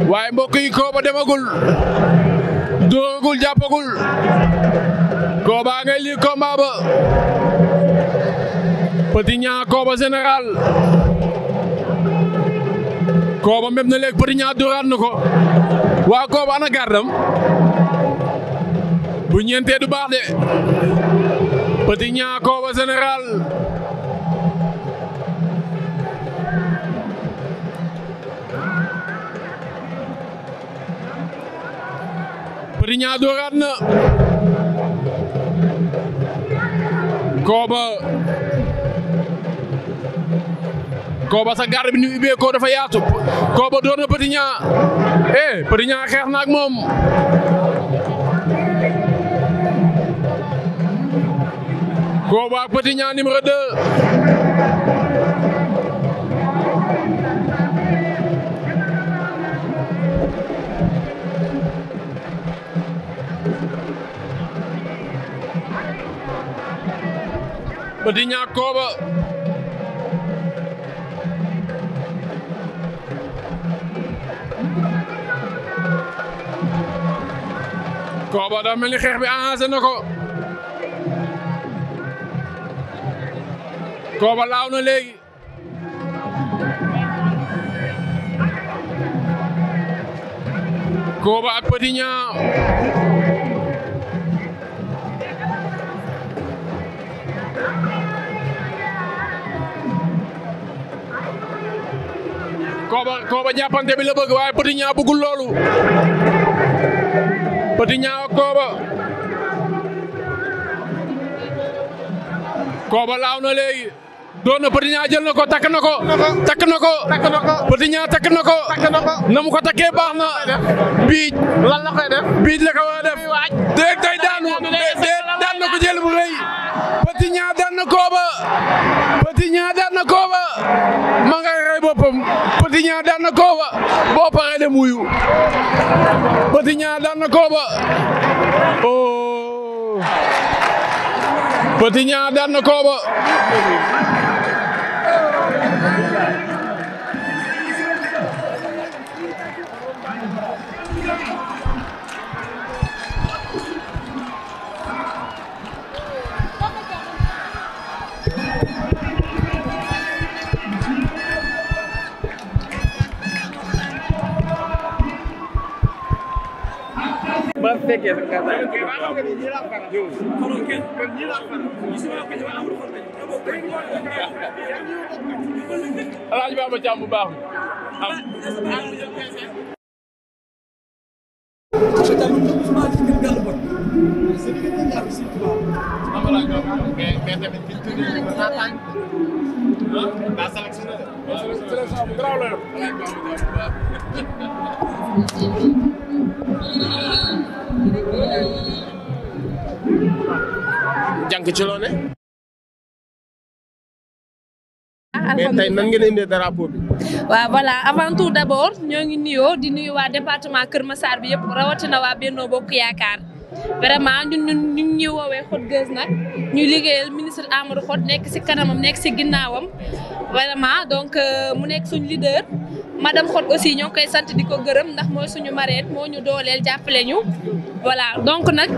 waaye mbokk yi Kooba demagul doogul jàppagul Kooba ngay lii ba Petit Kooba Général Kooba mbéb na léegi ko waa Kooba ana gardam bu ñeentee du baax de Petit Niang Kooba Général Petit Niang dooraat na Kooba Kooba sa garde bi ni mu ubbee ko dafa yaatu Kooba door na Petit Niang eh Petit xeex na moom combat ak Petit Niang numéro 2. Petit Niang Koba. Koba daa mel ni xeex bi arrangé na ko. Kooba laaw na léegi. Kooba ak Petit Niang. Kooba Kooba jàppante bëgg waaye Petit Niang bëggul loolu. Petit Niang ak Kooba. Kooba laaw léegi. doon na Petit jël na ko takk na ko. takk na ko takk na ko. Petit na mu ko takkee baax na. biij lan la koy def biij la daanu déet daan na ko jël bu rëy. Petit Niang daan na kooba. Petit Niang daan na kooba. ma boppam. Petit Niang daan na kooba boo paree dem wuyu. Petit Niang daan na kooba oh. Petit Niang daan na Kooba ba fekkee sa kasa alaaji baaba jàmm bu baax Thank ah, you. janq ci loo ne. Ah, mais tey nan ngeen indee waaw voilà avant tout d' ñoo ngi nuyoo di nuyu waa département Kër Massar bi yëpp rawatina waa Benno Bokk Yaakaar. vraiment ñun ñu ngi ñuy woowee Hot Girls nag ñu liggéeyal ministre Amadou Hott nekk si kanamam nekk si ginnaawam vraiment donc euh, mu nekk suñu leader. madame Hott aussi ñoo koy sant di ko gërëm ndax mooy suñu mareet moo ñu dooleel jàppale ñu voilà donc nag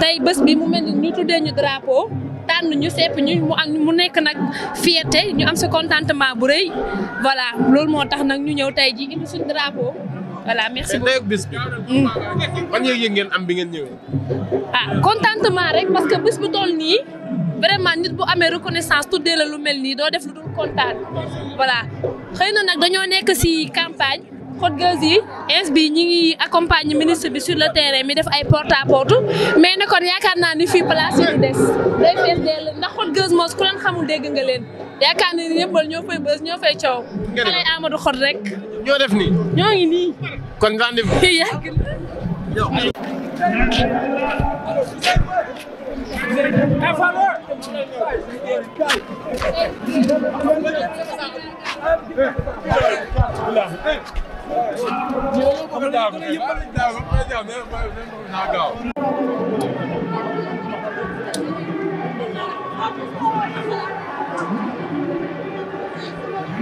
tey bés bi mu mel ni ñu tuddee ñu drapeau. tànn ñu sepp ñu mu ak mu nekk nag fierté ñu am sa contentement bu rëy voilà loolu moo tax nag ñu ñëw tey ji indi suñu drapeau voilà merci beaucoup bis bi. ban hmm. yëg ngeen am bi ngeen ñëwee. ah contentement rek parce que bis bu toll nii vraiment nit bu amee reconnaissance tuddee la lu mel nii doo def lu dul kontaan voilà xëy na nag dañoo nekk ci campagne. Code yi ins bi ñi ngi accompagne ministre bi sur le terrain mi def ay porte à mais ne kon yaakaar naa ni fii place yi des day fees dell ndax Code Girls moos ku leen xamul dégg nga leen yaakaar naa ni yëppal ñoo fay bës ñoo fay coow. ngeen def Amadou Xot rek. ñoo def nii. ñoo ngi kon rendez-vous. [laughs]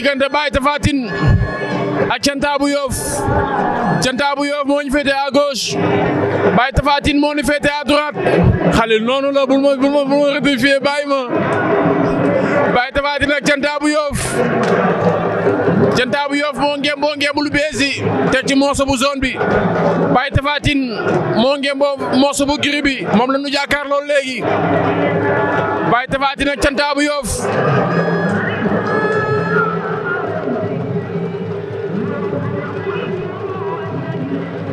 diggante Baye Tapha ak Canta bu Yoff Canta bu Yoff moo ñu féete à gauche Baye Tapha Tine moo ñu féete noonu la bul ma bul ma bul ma rectifié bàyyi ak Canta bu Yoff Canta bu Yoff moo ngem boo ngem bu zone bi Baye Tapha Tine moo ngem bu gris bi moom la ñu jàkkaar loolu léegi ak Canta bu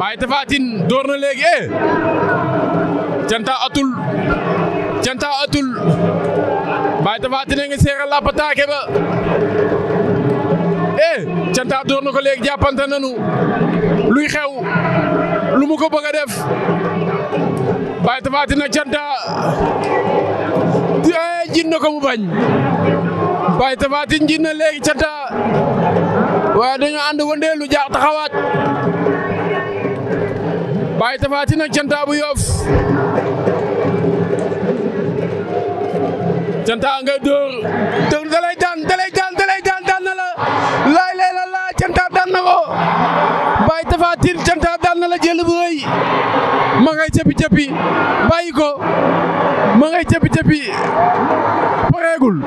waaye Tapha Tine door na léegi eh. atul canta atul waaye Tapha Tine a ngi seeral la pataake ba eh canta door ko léegi jàppante nanu luy xew lu mu ko bëgg a def waaye Tapha Tine ak canta eh, jin na ko mu bañ waaye Tapha Tine jin na léegi canta waaye dañoo ànd wëndeelu Baye Tapha Tine ak Thianta bu Yoff Thianta nga dóor dóor dalay daan dalay daan dalay daan daan na la laay lay la laa Thianta daan na ko Baye Tapha Tine daan na la jël bu rëy ma ngay cëppi cëppi bàyyi ko ma ngay cëppi cëppi pareegul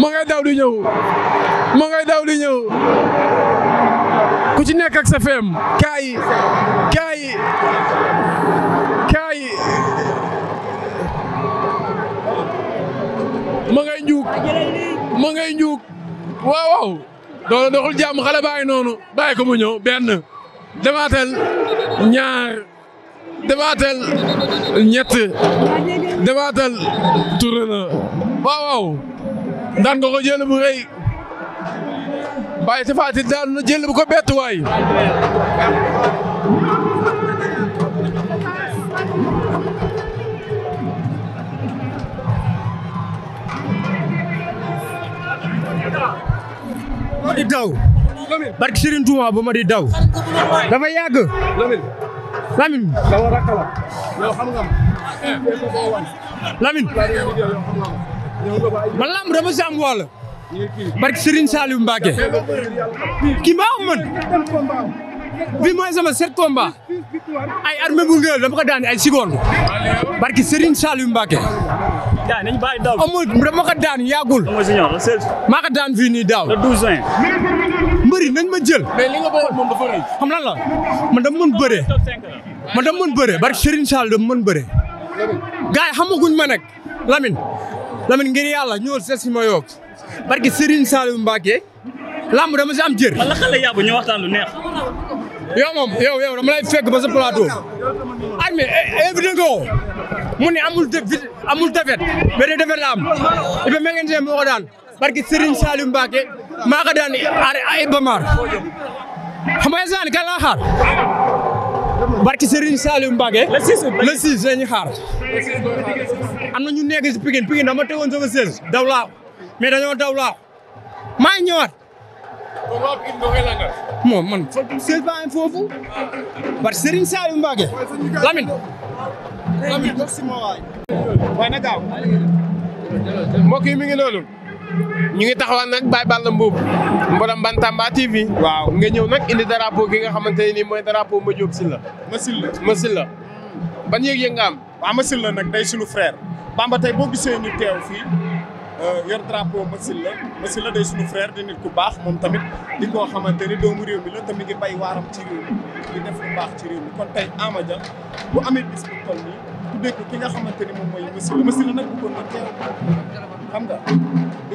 ma ngay daw di ñëw ma ngay daw di ñëw ku ci nekk ak sa feem kaay kaay kaay ma ngay njuug ma ngay njuug waaw waaw doole doxul jàmm xale bàyyi noonu bàyyi ko mu ñëw benn demaatel ñaar demaatel ñett demaatel turé waaw waaw daan nga ko jël bu waaye Tapha Tine daan na jël bu ko bett waay. ba di daw. barke Serigne Touba ba ma di daw. dafa yàgg. Lamine. Lamine. Lamine. man lamb dama si barke Serigne Saliou Mbacke kii maa ko mën bi mooy sama sept combat ay armée bu ngeel dama ko daan ay secondes barke Serigne Saliou Mbacke daa nañ bàyyi daaw amul dama ko daan yàggul maa ko daan fii nii daaw le 12 mbëri nañ ma jël mais li ma bëggoon moom dafa rëy man dama mën bëre man dama mën bëre barke Serigne Saliou dama mën ma nag Lamine Lamine ngir yàlla ñëwal seet si ma yokk barki Serigne Saliou Mbacké lamb dama si am jër. wala yow yow dama lay fekk ba sa plateau. armée invité eh, eh, mu ne amul def amul defet benn defet la am Iba Maguette moo ko daan barki Serigne Saliou Mbacké maa ko daan ay Bamar xam nga instant kan laa xaar. barki Serigne Saliou Mbacké le 6 ñu xaar. si Pikine Pikine dama tegoon sama 16 daw mais dañoo daw laaw ngi ñëwaat. kon moom man sëñ Ba am foofu. parce que Serigne Saliou Mbacké. Lamine. Lamine jox ma waay. waaye yi mi ngi noonu. ñu ngi taxawal nag Baye Balla Mbuub mborom Bantamba TV. waaw nga ñëw nag indi drapeau gi nga xamante ne nii mooy drapeau ma Diop Sylla. ma Sylla ma Sylla. ban yëg-yëg nga ma Sylla nag day sunu frère. Bamba tey boo gisee teew fii. Euh, yor drapeau Massila Massila day suñu frère di nit ku baax moom tamit di koo xamante ni doomu réew mi la tamit ngi bay waaram ci réew mi di def lu ci réew mi kon tey Ama Dia bu amee bis bu toll nii tuddee ko ki nga xamante ni moom mooy Massila Massila nag bëggoon na teew xam nga du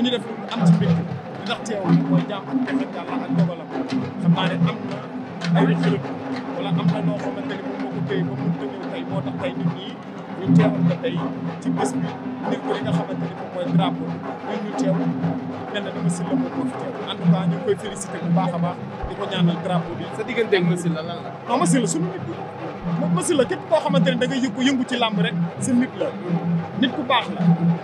ñu def lu am ci mbir li tax teew nag mooy jàmm ak pexe yàlla ak dogalam xam am na ay xërëb wala am na noo moom moo ko téye ba mu tëjoo tey moo tax tey nit ñi ñu teewal ko tey ci bés bi indi ko li nga xamante ni moom mooy drapeau bi ñu teew mel na ni monsieur le maire moo fi teew en ñu koy félicité bu baax a baax di ko ñaanal drapeau bi. sa digganteeg monsieur la lan la. non monsieur la suñu nit Massila képp koo xamante ne da ngay yëngu yëngu ci làmb rek sa nit la nit ku baax la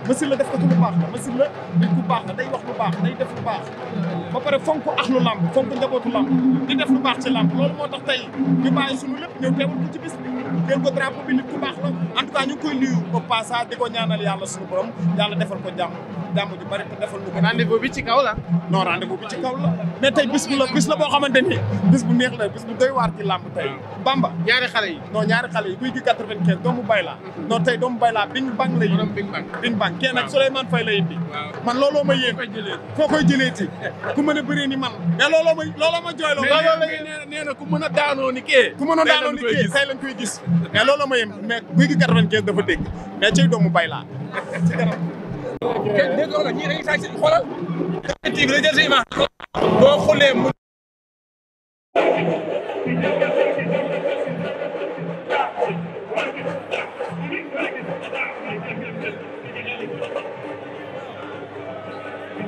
Massila def ko ci lu baax la Massila nit ku baax la day wax lu baax day def lu baax ba pare fonk axlu làmb fonk njabootu làmb di def lu baax ci làmb loolu moo tax tey ñu bàyyi suñu lépp ñëw teewul ko ci bis bi jël ko drapeau bi nit ku baax la en tout cas ñu ngi koy nuyu au ko ñaanal yàlla suñu borom yàlla defal ko jàmm jàmm ju bari te defal lu ko rendez-vous bi ci kaw la non rendez-vous bi ci kaw la mais tey bis bu la bis la boo xamante ni bis bu neex la bis bu doy waar ci làmb tey Bamba xale yi non ñaari xale yi guy gi quatre-vingt-quinze doomu bay laa mhm. non tey doomu bay laa bing bang la indi bing bang kenn ak looloo ma yéen foo koy jëleeti a man mais eh, looloo ma looloo ma jooyloo a a koy gis mais looloo ma yéen mais guy gi quatre vingt dafa dégg mais ciy doomu bay laa ci [laughs] mu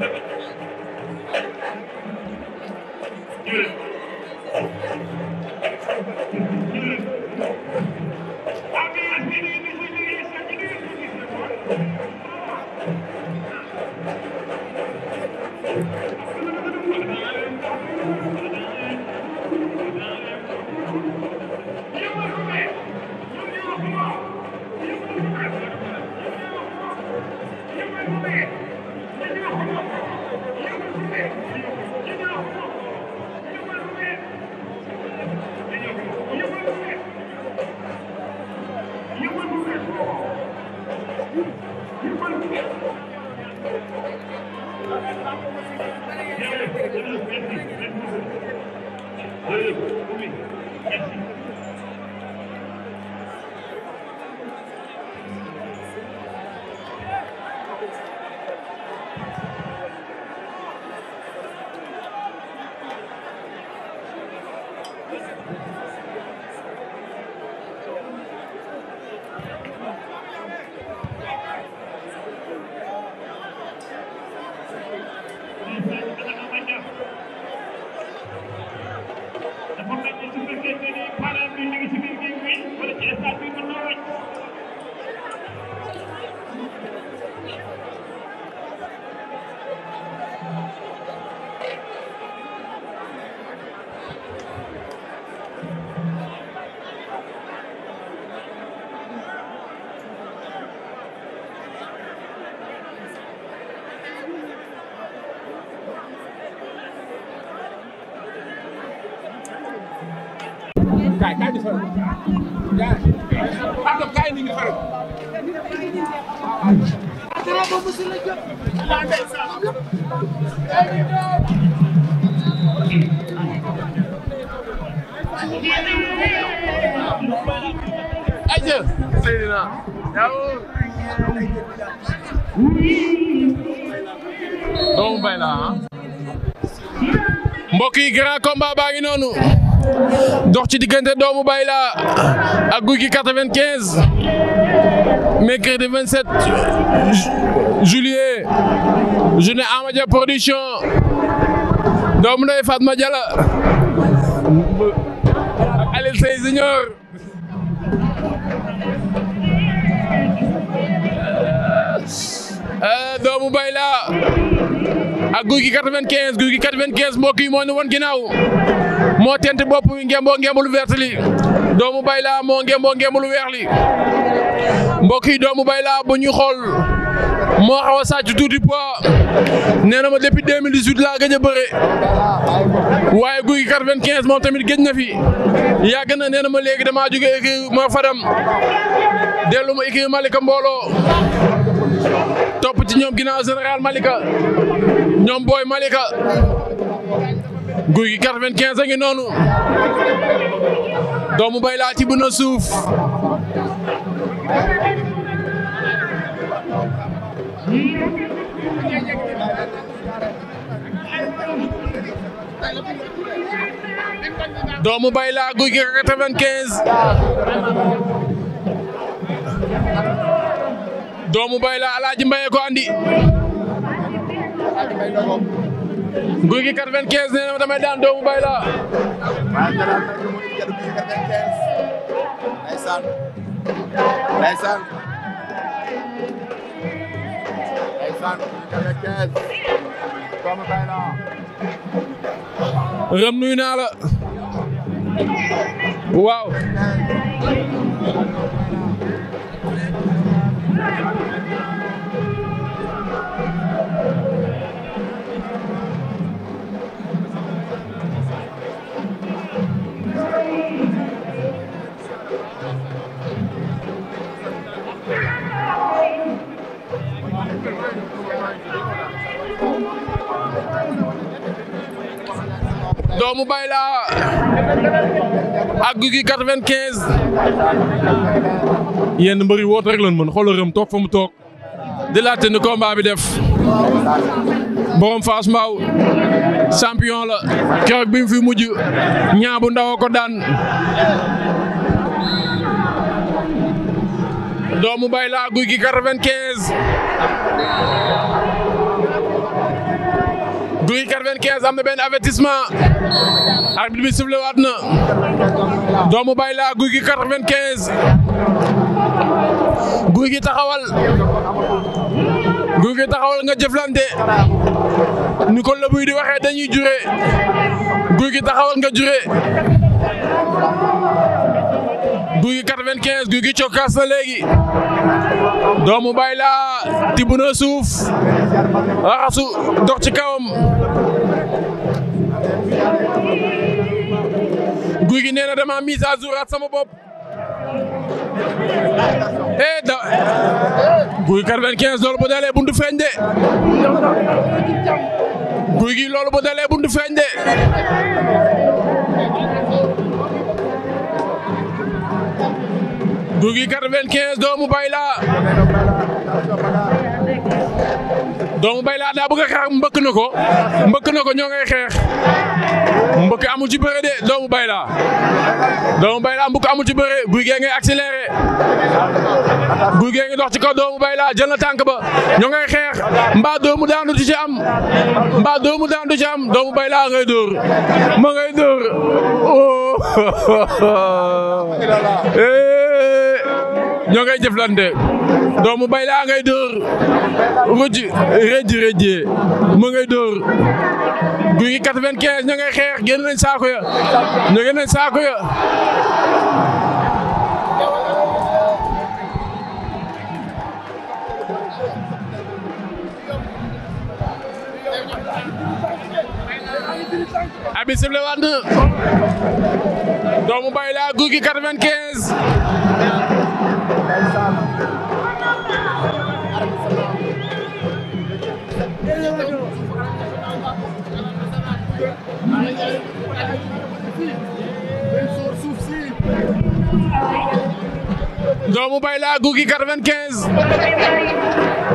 Thank you. kaay kaay ñu faral jaay Pape Diop kaay ni ñu faral. donc bay la mbokk yi grand combat baa ngi noonu. dox ci diggante doomu Bayla ak guy gi 95 mercredi 27 juillet journée Amadia production doomu ndey Fatma Diala ak Alioune Seye Junior ak guy gi 95 guy gi 95 mbokk yi moo ñu won ginnaaw moo tent bopp wi ngemboo ngembul vert li doomu bay laa moo ngemboo ngembul weex li mbokk yi doomu bay laa bu ñuy xool moo xaw a tuuti poids nee na ma depuis 2018 laa gëj a bëre waaye guy gi 95 moom tamit gëj na fi yàgg na nee na ma léegi damaa jóge écurie ma fadam dellu ma écurie Malika mbooloo top ci ñoom ginnaaw général Malika ñoom booy Malika guy gi quatre a ngi noonu doomu bay laa ci bu suuf doomu bay laa guy gi quatre-vingt-quinze doomu bay laa alaaji mbaye ko andi guy gi 95 nee waaw. doomu Bayla ak Gouy Gui 95. yenn mbër yi woote rek lañ xolo xoolal rëm toog fa mu toog di laajte ni combat bi def borom Fass Mbaw champion la keroog bi fi mujj ñaa bu ndaw ko daan. doomu Bayla Gouy Gui 95. Gouy 95 am na benn avertissement arbitre bi sifflé waat na doomu bay la Gouy gi 95 Gouy gi taxawal Gouy gi taxawal nga jëflante ni ko lëbuy di waxe dañuy jure Gouy gi taxawal nga jure Gouy gi 95 Gouy gi na léegi doomu bay laa tibb suuf suuf su dox ci kawam guy gi nee na dama mise à jour at sama bopp e da guy 95 loolu bu dalee buntu feeñ de guy gi loolu bu dalee buntu feeñ de Gouy Gui 95 Doomu Bayla Doomu Bayla daa bëgg a xeex mbëkk na ko mbëkk na ko ñoo ngay xeex mbëkk amul ci bëre de Doomu Bayla Doomu Bayla mbëkk amul ci bëre Gouy Gui ngi dox ci kaw Doomu Bayla jël na tànk ba ñoo ngay xeex mbaa doomu daanu du ci am mbaa doomu daanu du ci am Doomu Bayla ngay dóor ma ngay dóor oh. [laughs] eh. ñoo ngay jëflante doomu bay laa ngay dóor rëj rëj rëjee mu ngay dóor guy gi 95 ñoo ngay xeex génn nañ saako ya ñoo génn nañ saako ya ndeysaan doomu bay laa gugi 95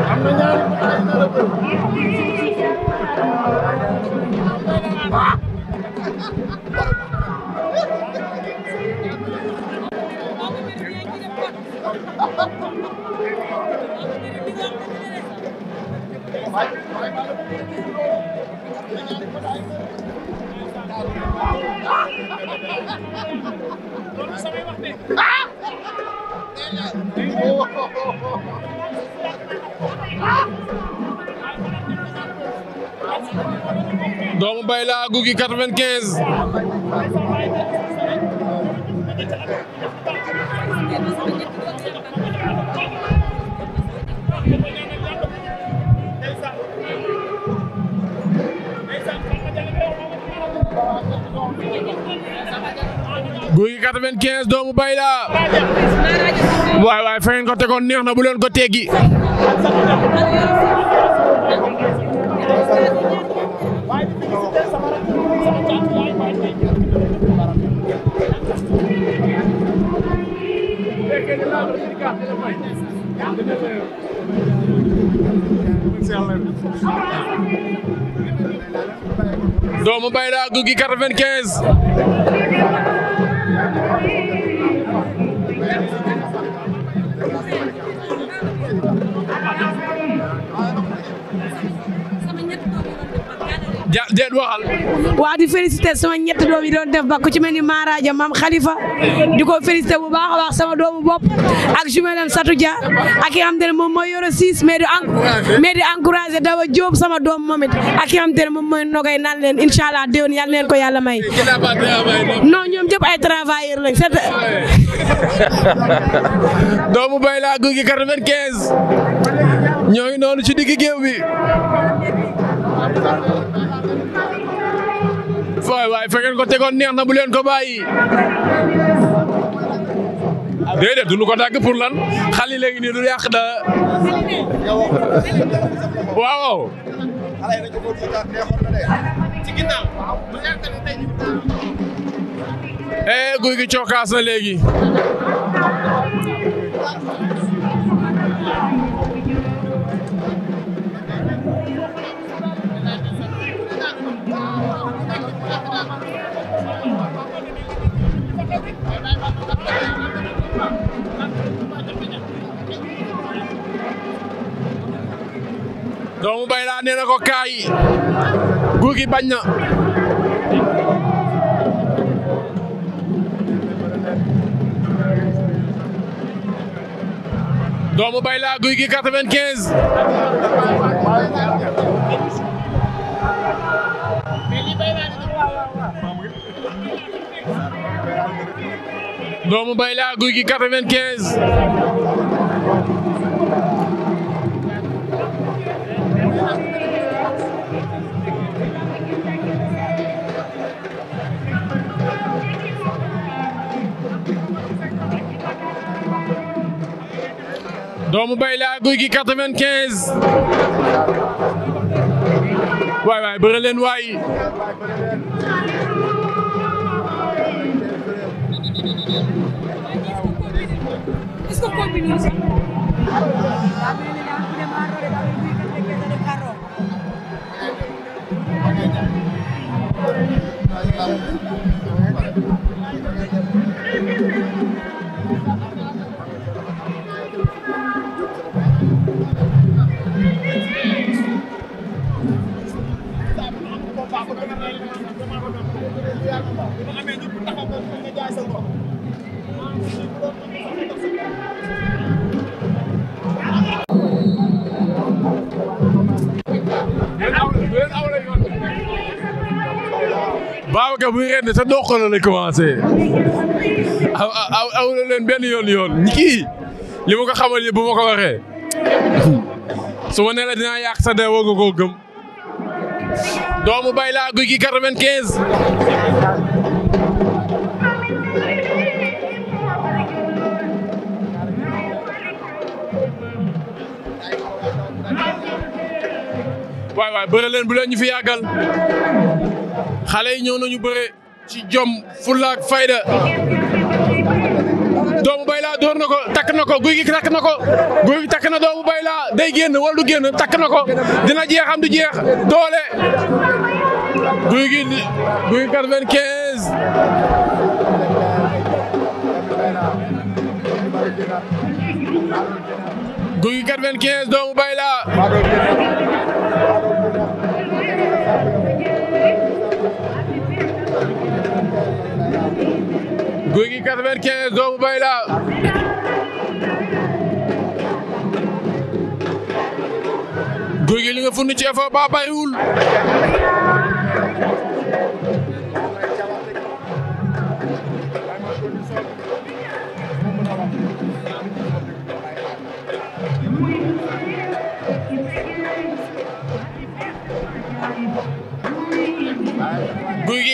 am doomu bay la gugi quatre-vingt-quinze guy gi 95 doomu bay waay waay fa ngeen ko tegoon neex na bu leen ko teggi doomu Bayda Gouy Gui 95 ja déet waxal. waa di félicité sama ñetti doom yi doon def ba ku ci mel ni Maaraja Mam Khalifa di ko félicité bu baax a baax sama doomu bopp ak jumelam Satou Dia ak ki nga xam te moom mooy Yoro Siis mais di mais di encouragé Daba Diop sama doom moom it ak ki nga xam te moom mooy Nogay naan leen incha allah déwén yal leen ko yàlla may. non ñoom ay travailleurs lañ c'est [laughs] doomu bay ñoo ngi ci digg géew waaye waaye ko tegoon neex na bu leen ko bàyyi. ko dagg pour lan xale léegi nii da waaw. ee eh, na léegi. doomu Bayla nee na ko kaay guy gi bañ na. doomu Bayla guy gi quatre-vingt-quinze. doomu Bayla guy gi quatre vingt doomu bay laa guy gi 95 waay waay bëre leen waay Est-ce qu'on jaay sa bopp Babacar bu ñu ren sa doq la lay commencé aw aw aw li ma ko xamal yëpp bu ma ko waxee su ma la dinaa yàq sa dee woo nga koo guy gi quatre vingt waay waay bëre leen bu leen ñu fi yàggal xale yi ñëw nañu bëre ci jom fulaak fayda doomu bay laa dóor na na ko guy gi takk na ko guy gi takk na doomu bay laa day génn wala du génn na ko dina jeex am du jeex doole guy gi guy gi doomu bay guy gi 95 doomu bay la guy gi li nga fund ci effort ba bàyyiwul Paris 95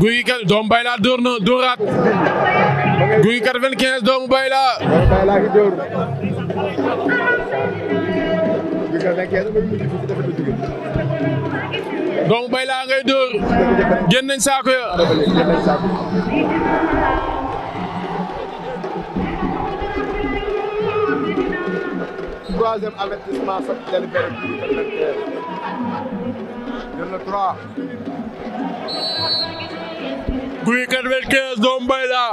guy kat doomu bay laa dóor na dóoraat guy 95 doomu bay laa. dóor. doomu bay laa ngay dóor génn nañ saako ya troisième avertissement sax jëli benn jël na trois. Gouye 95 doomu bay laa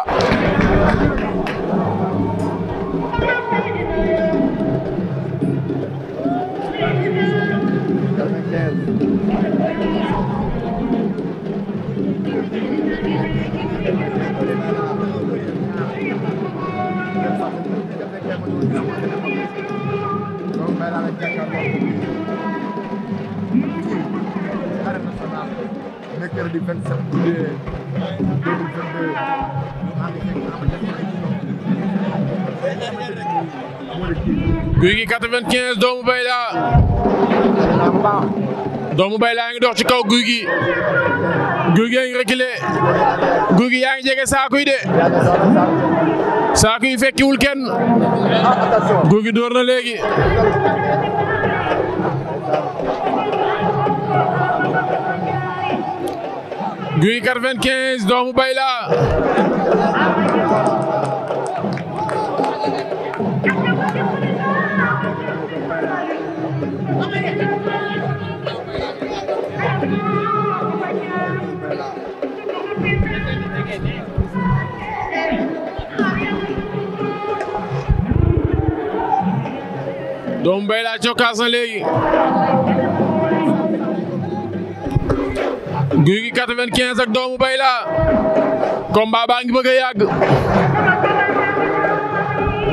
mercredi guy gi 95 doomu bay laa doomu bay laa ngi dox ci kaw guy gi guy gi yaa ngi reculé guy gi yaa ngi jege saakuy de saakuy fekkiwul kenn guy gi door na léegi guy 95 doomu bay la doomu mbay laa cokkaas na léegi guy gi quatre-vingt-quinze ak doomu mbay laa combat baa ngi bëgg a yàgg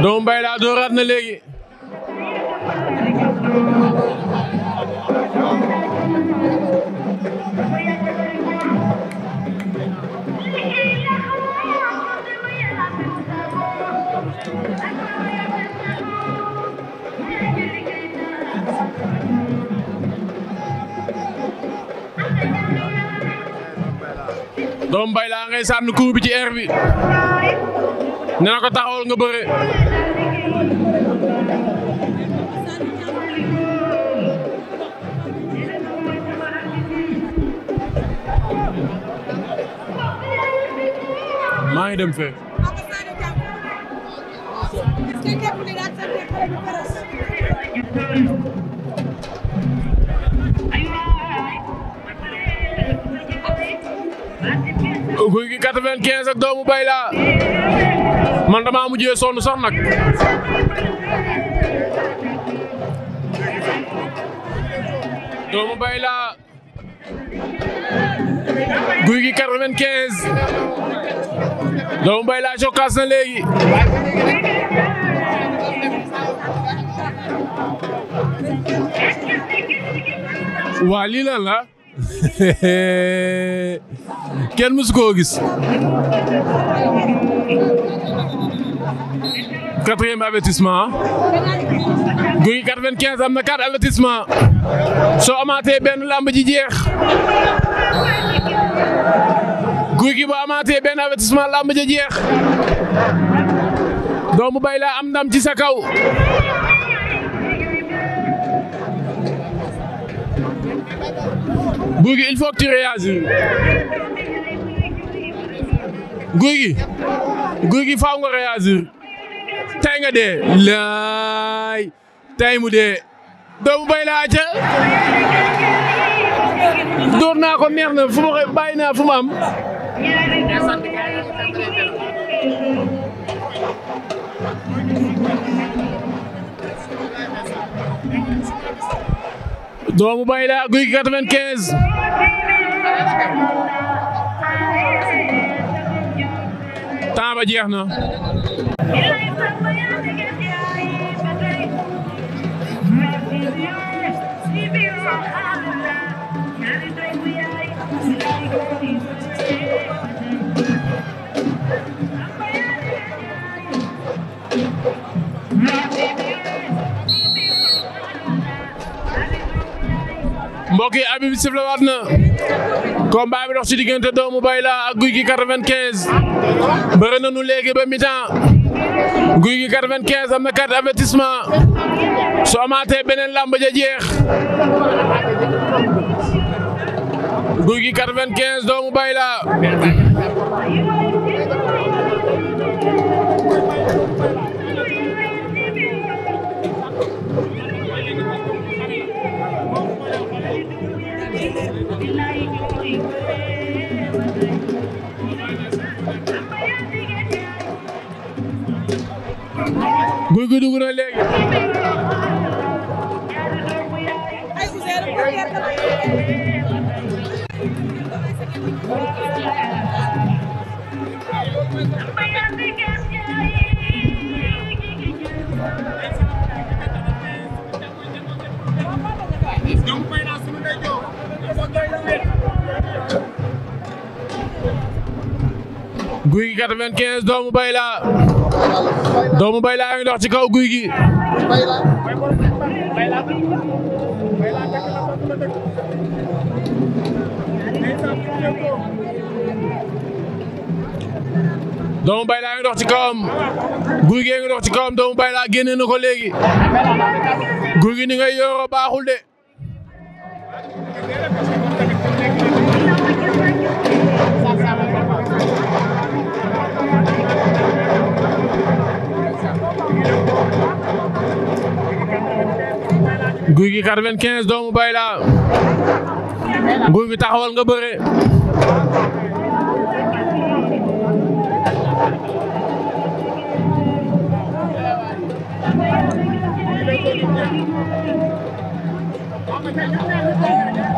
doomu mbay laa na léegi doomu mbay laa ngay sànni coup bi ci air bi nee na ko taxawal nga bëre. maa ngi dem fee. guy gi quatre-vingt-quinze ak doomu bay laa man damaa mujjee sonn sax nag. doomu bay laa guy gi quatre-vingt-quinze doomu bay laa jokkaas na léegi. waa lii lan la. [laughs] kenn mësu koo gis quatrième guy gi quatre-vingt-quinze am na quatre avertissement soo amaatee benn làmb ji jeex guy gi boo amaatee benn avertissement làmb ji jeex doomu bay laa am ndam ci sa kaw guy gi il faut que guy gi guy gi faaw nga réagir tey nga dee laay tey mu dee doomu bay laa ca dóor naa ko neex na fu ma bàyyi naa fu ma am doomu bay laa guy gi 95 temps ba jeex na. mbokk yi abi bi siflewaat na combat bi dox ci diggante doomu bay la ak guy gi 95 bëri nañu léegi ba mi-temps guy gi 95 am na carte avertissement soo amaatee beneen làmb ja jeex guy gi 95 doomu bay la guy gi dugg na léegi. Don't bring us to the door. guy gi quatre-vingt-quinze doomu bay laa doomu bay laa ngi dox ci kaw guy gi doomu bay laa ngi dox ci kawam guy gi ngi dox ci kaw doomu bay laa génne na ko léegi guy gi ni ngay yoroo baaxul de guy gi quatre-vingt-quinze doomu bay laa guy gi taxawal nga bëre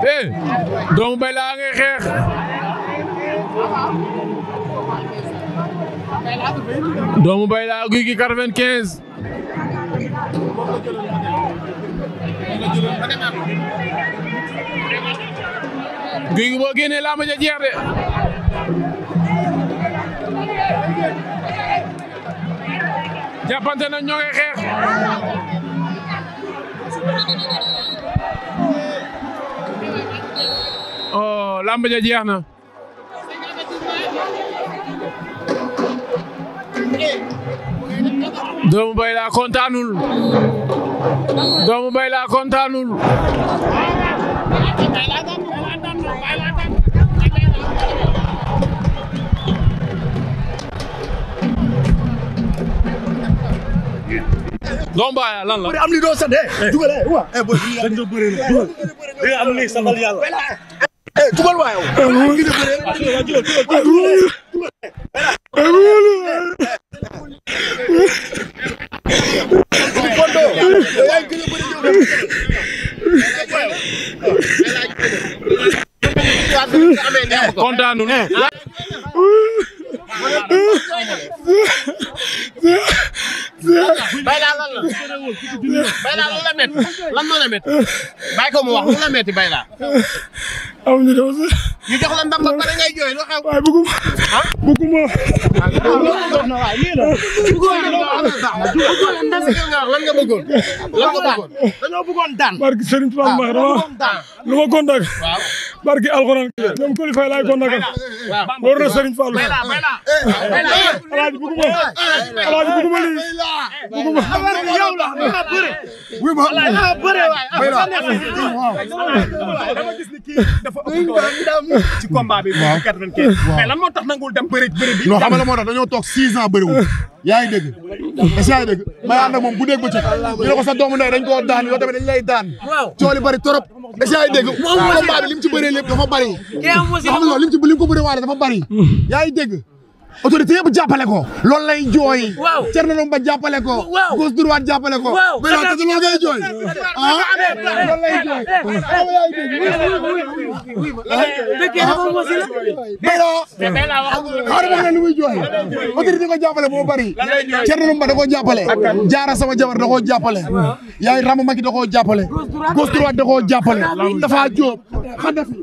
eh doomu bay laa ngay xeex doomu bay laa guy gi quatre-vingt-quinze guy gi boo génnee laa ma ja jeex de jàppante na ñoo ngi xeex oh làmb ja jeex na doomu bay laa kontaanul doomu bay laa kontaanul doomu baay laa lan la. am li doon sant eh. eh. dugalee eh, wa. Eh, eh am li santal yàlla. eh dugal waay yow. kontaanul bay laa lan la bay laa lan la métti lan moo la métti bàyyi ko mu wax lu la métti bay laa. amuñu dama si. ñu jox la ndam ba pare ngay jooy lu xew. waaye bëgguma. ah bëgguma. lan nga bëggoon. lan nga bëggoon. dañoo bëggoon daan. barki Serigne Touba Mbaye dama lu ma kontak. barki alxuraan. ñoom Koli Faye laay kontakal. war na Serigne Fallou. alaaji bëgguma alaaji bëgguma lii bëgguma yow la dama bëre oui ma la bëre waay dama gis ni kii dafa ëpp ci combat bi 95 mais lan moo tax nangul dem bëre bëre bi non xam nga moo tax dañoo toog 6 ans bëriwul yaa ngi dégg est-ce yaa ngi dégg may ànd ak moom bu dégg ba ci ñu ne ko sa doomu ndey dañ koo daan yow tamit dañ lay daan cooli bari trop est-ce yaa ngi dégg combat bi lim ci bëree lépp dafa bari xam nga lim ci lim ko bëree waale dafa bari hmm. yaa ngi dégg autorité yëpp jàppale ko. loolu lay jooy. waaw Thierno Lom ba jàppale ko. waaw gauche droite jàppale ko. waaw mais loolu loolu ngay jooy. ah loolu lay jooy. ah, ah? lu ah, muy jooy. autorité ko jàppale moo bari. Thierno Lom ba da koo jàppale. jaara sama jabar da koo jàppale. yaay Rama Maki da koo jàppale. gauche droite da koo jàppale. dafa jóob xandafi.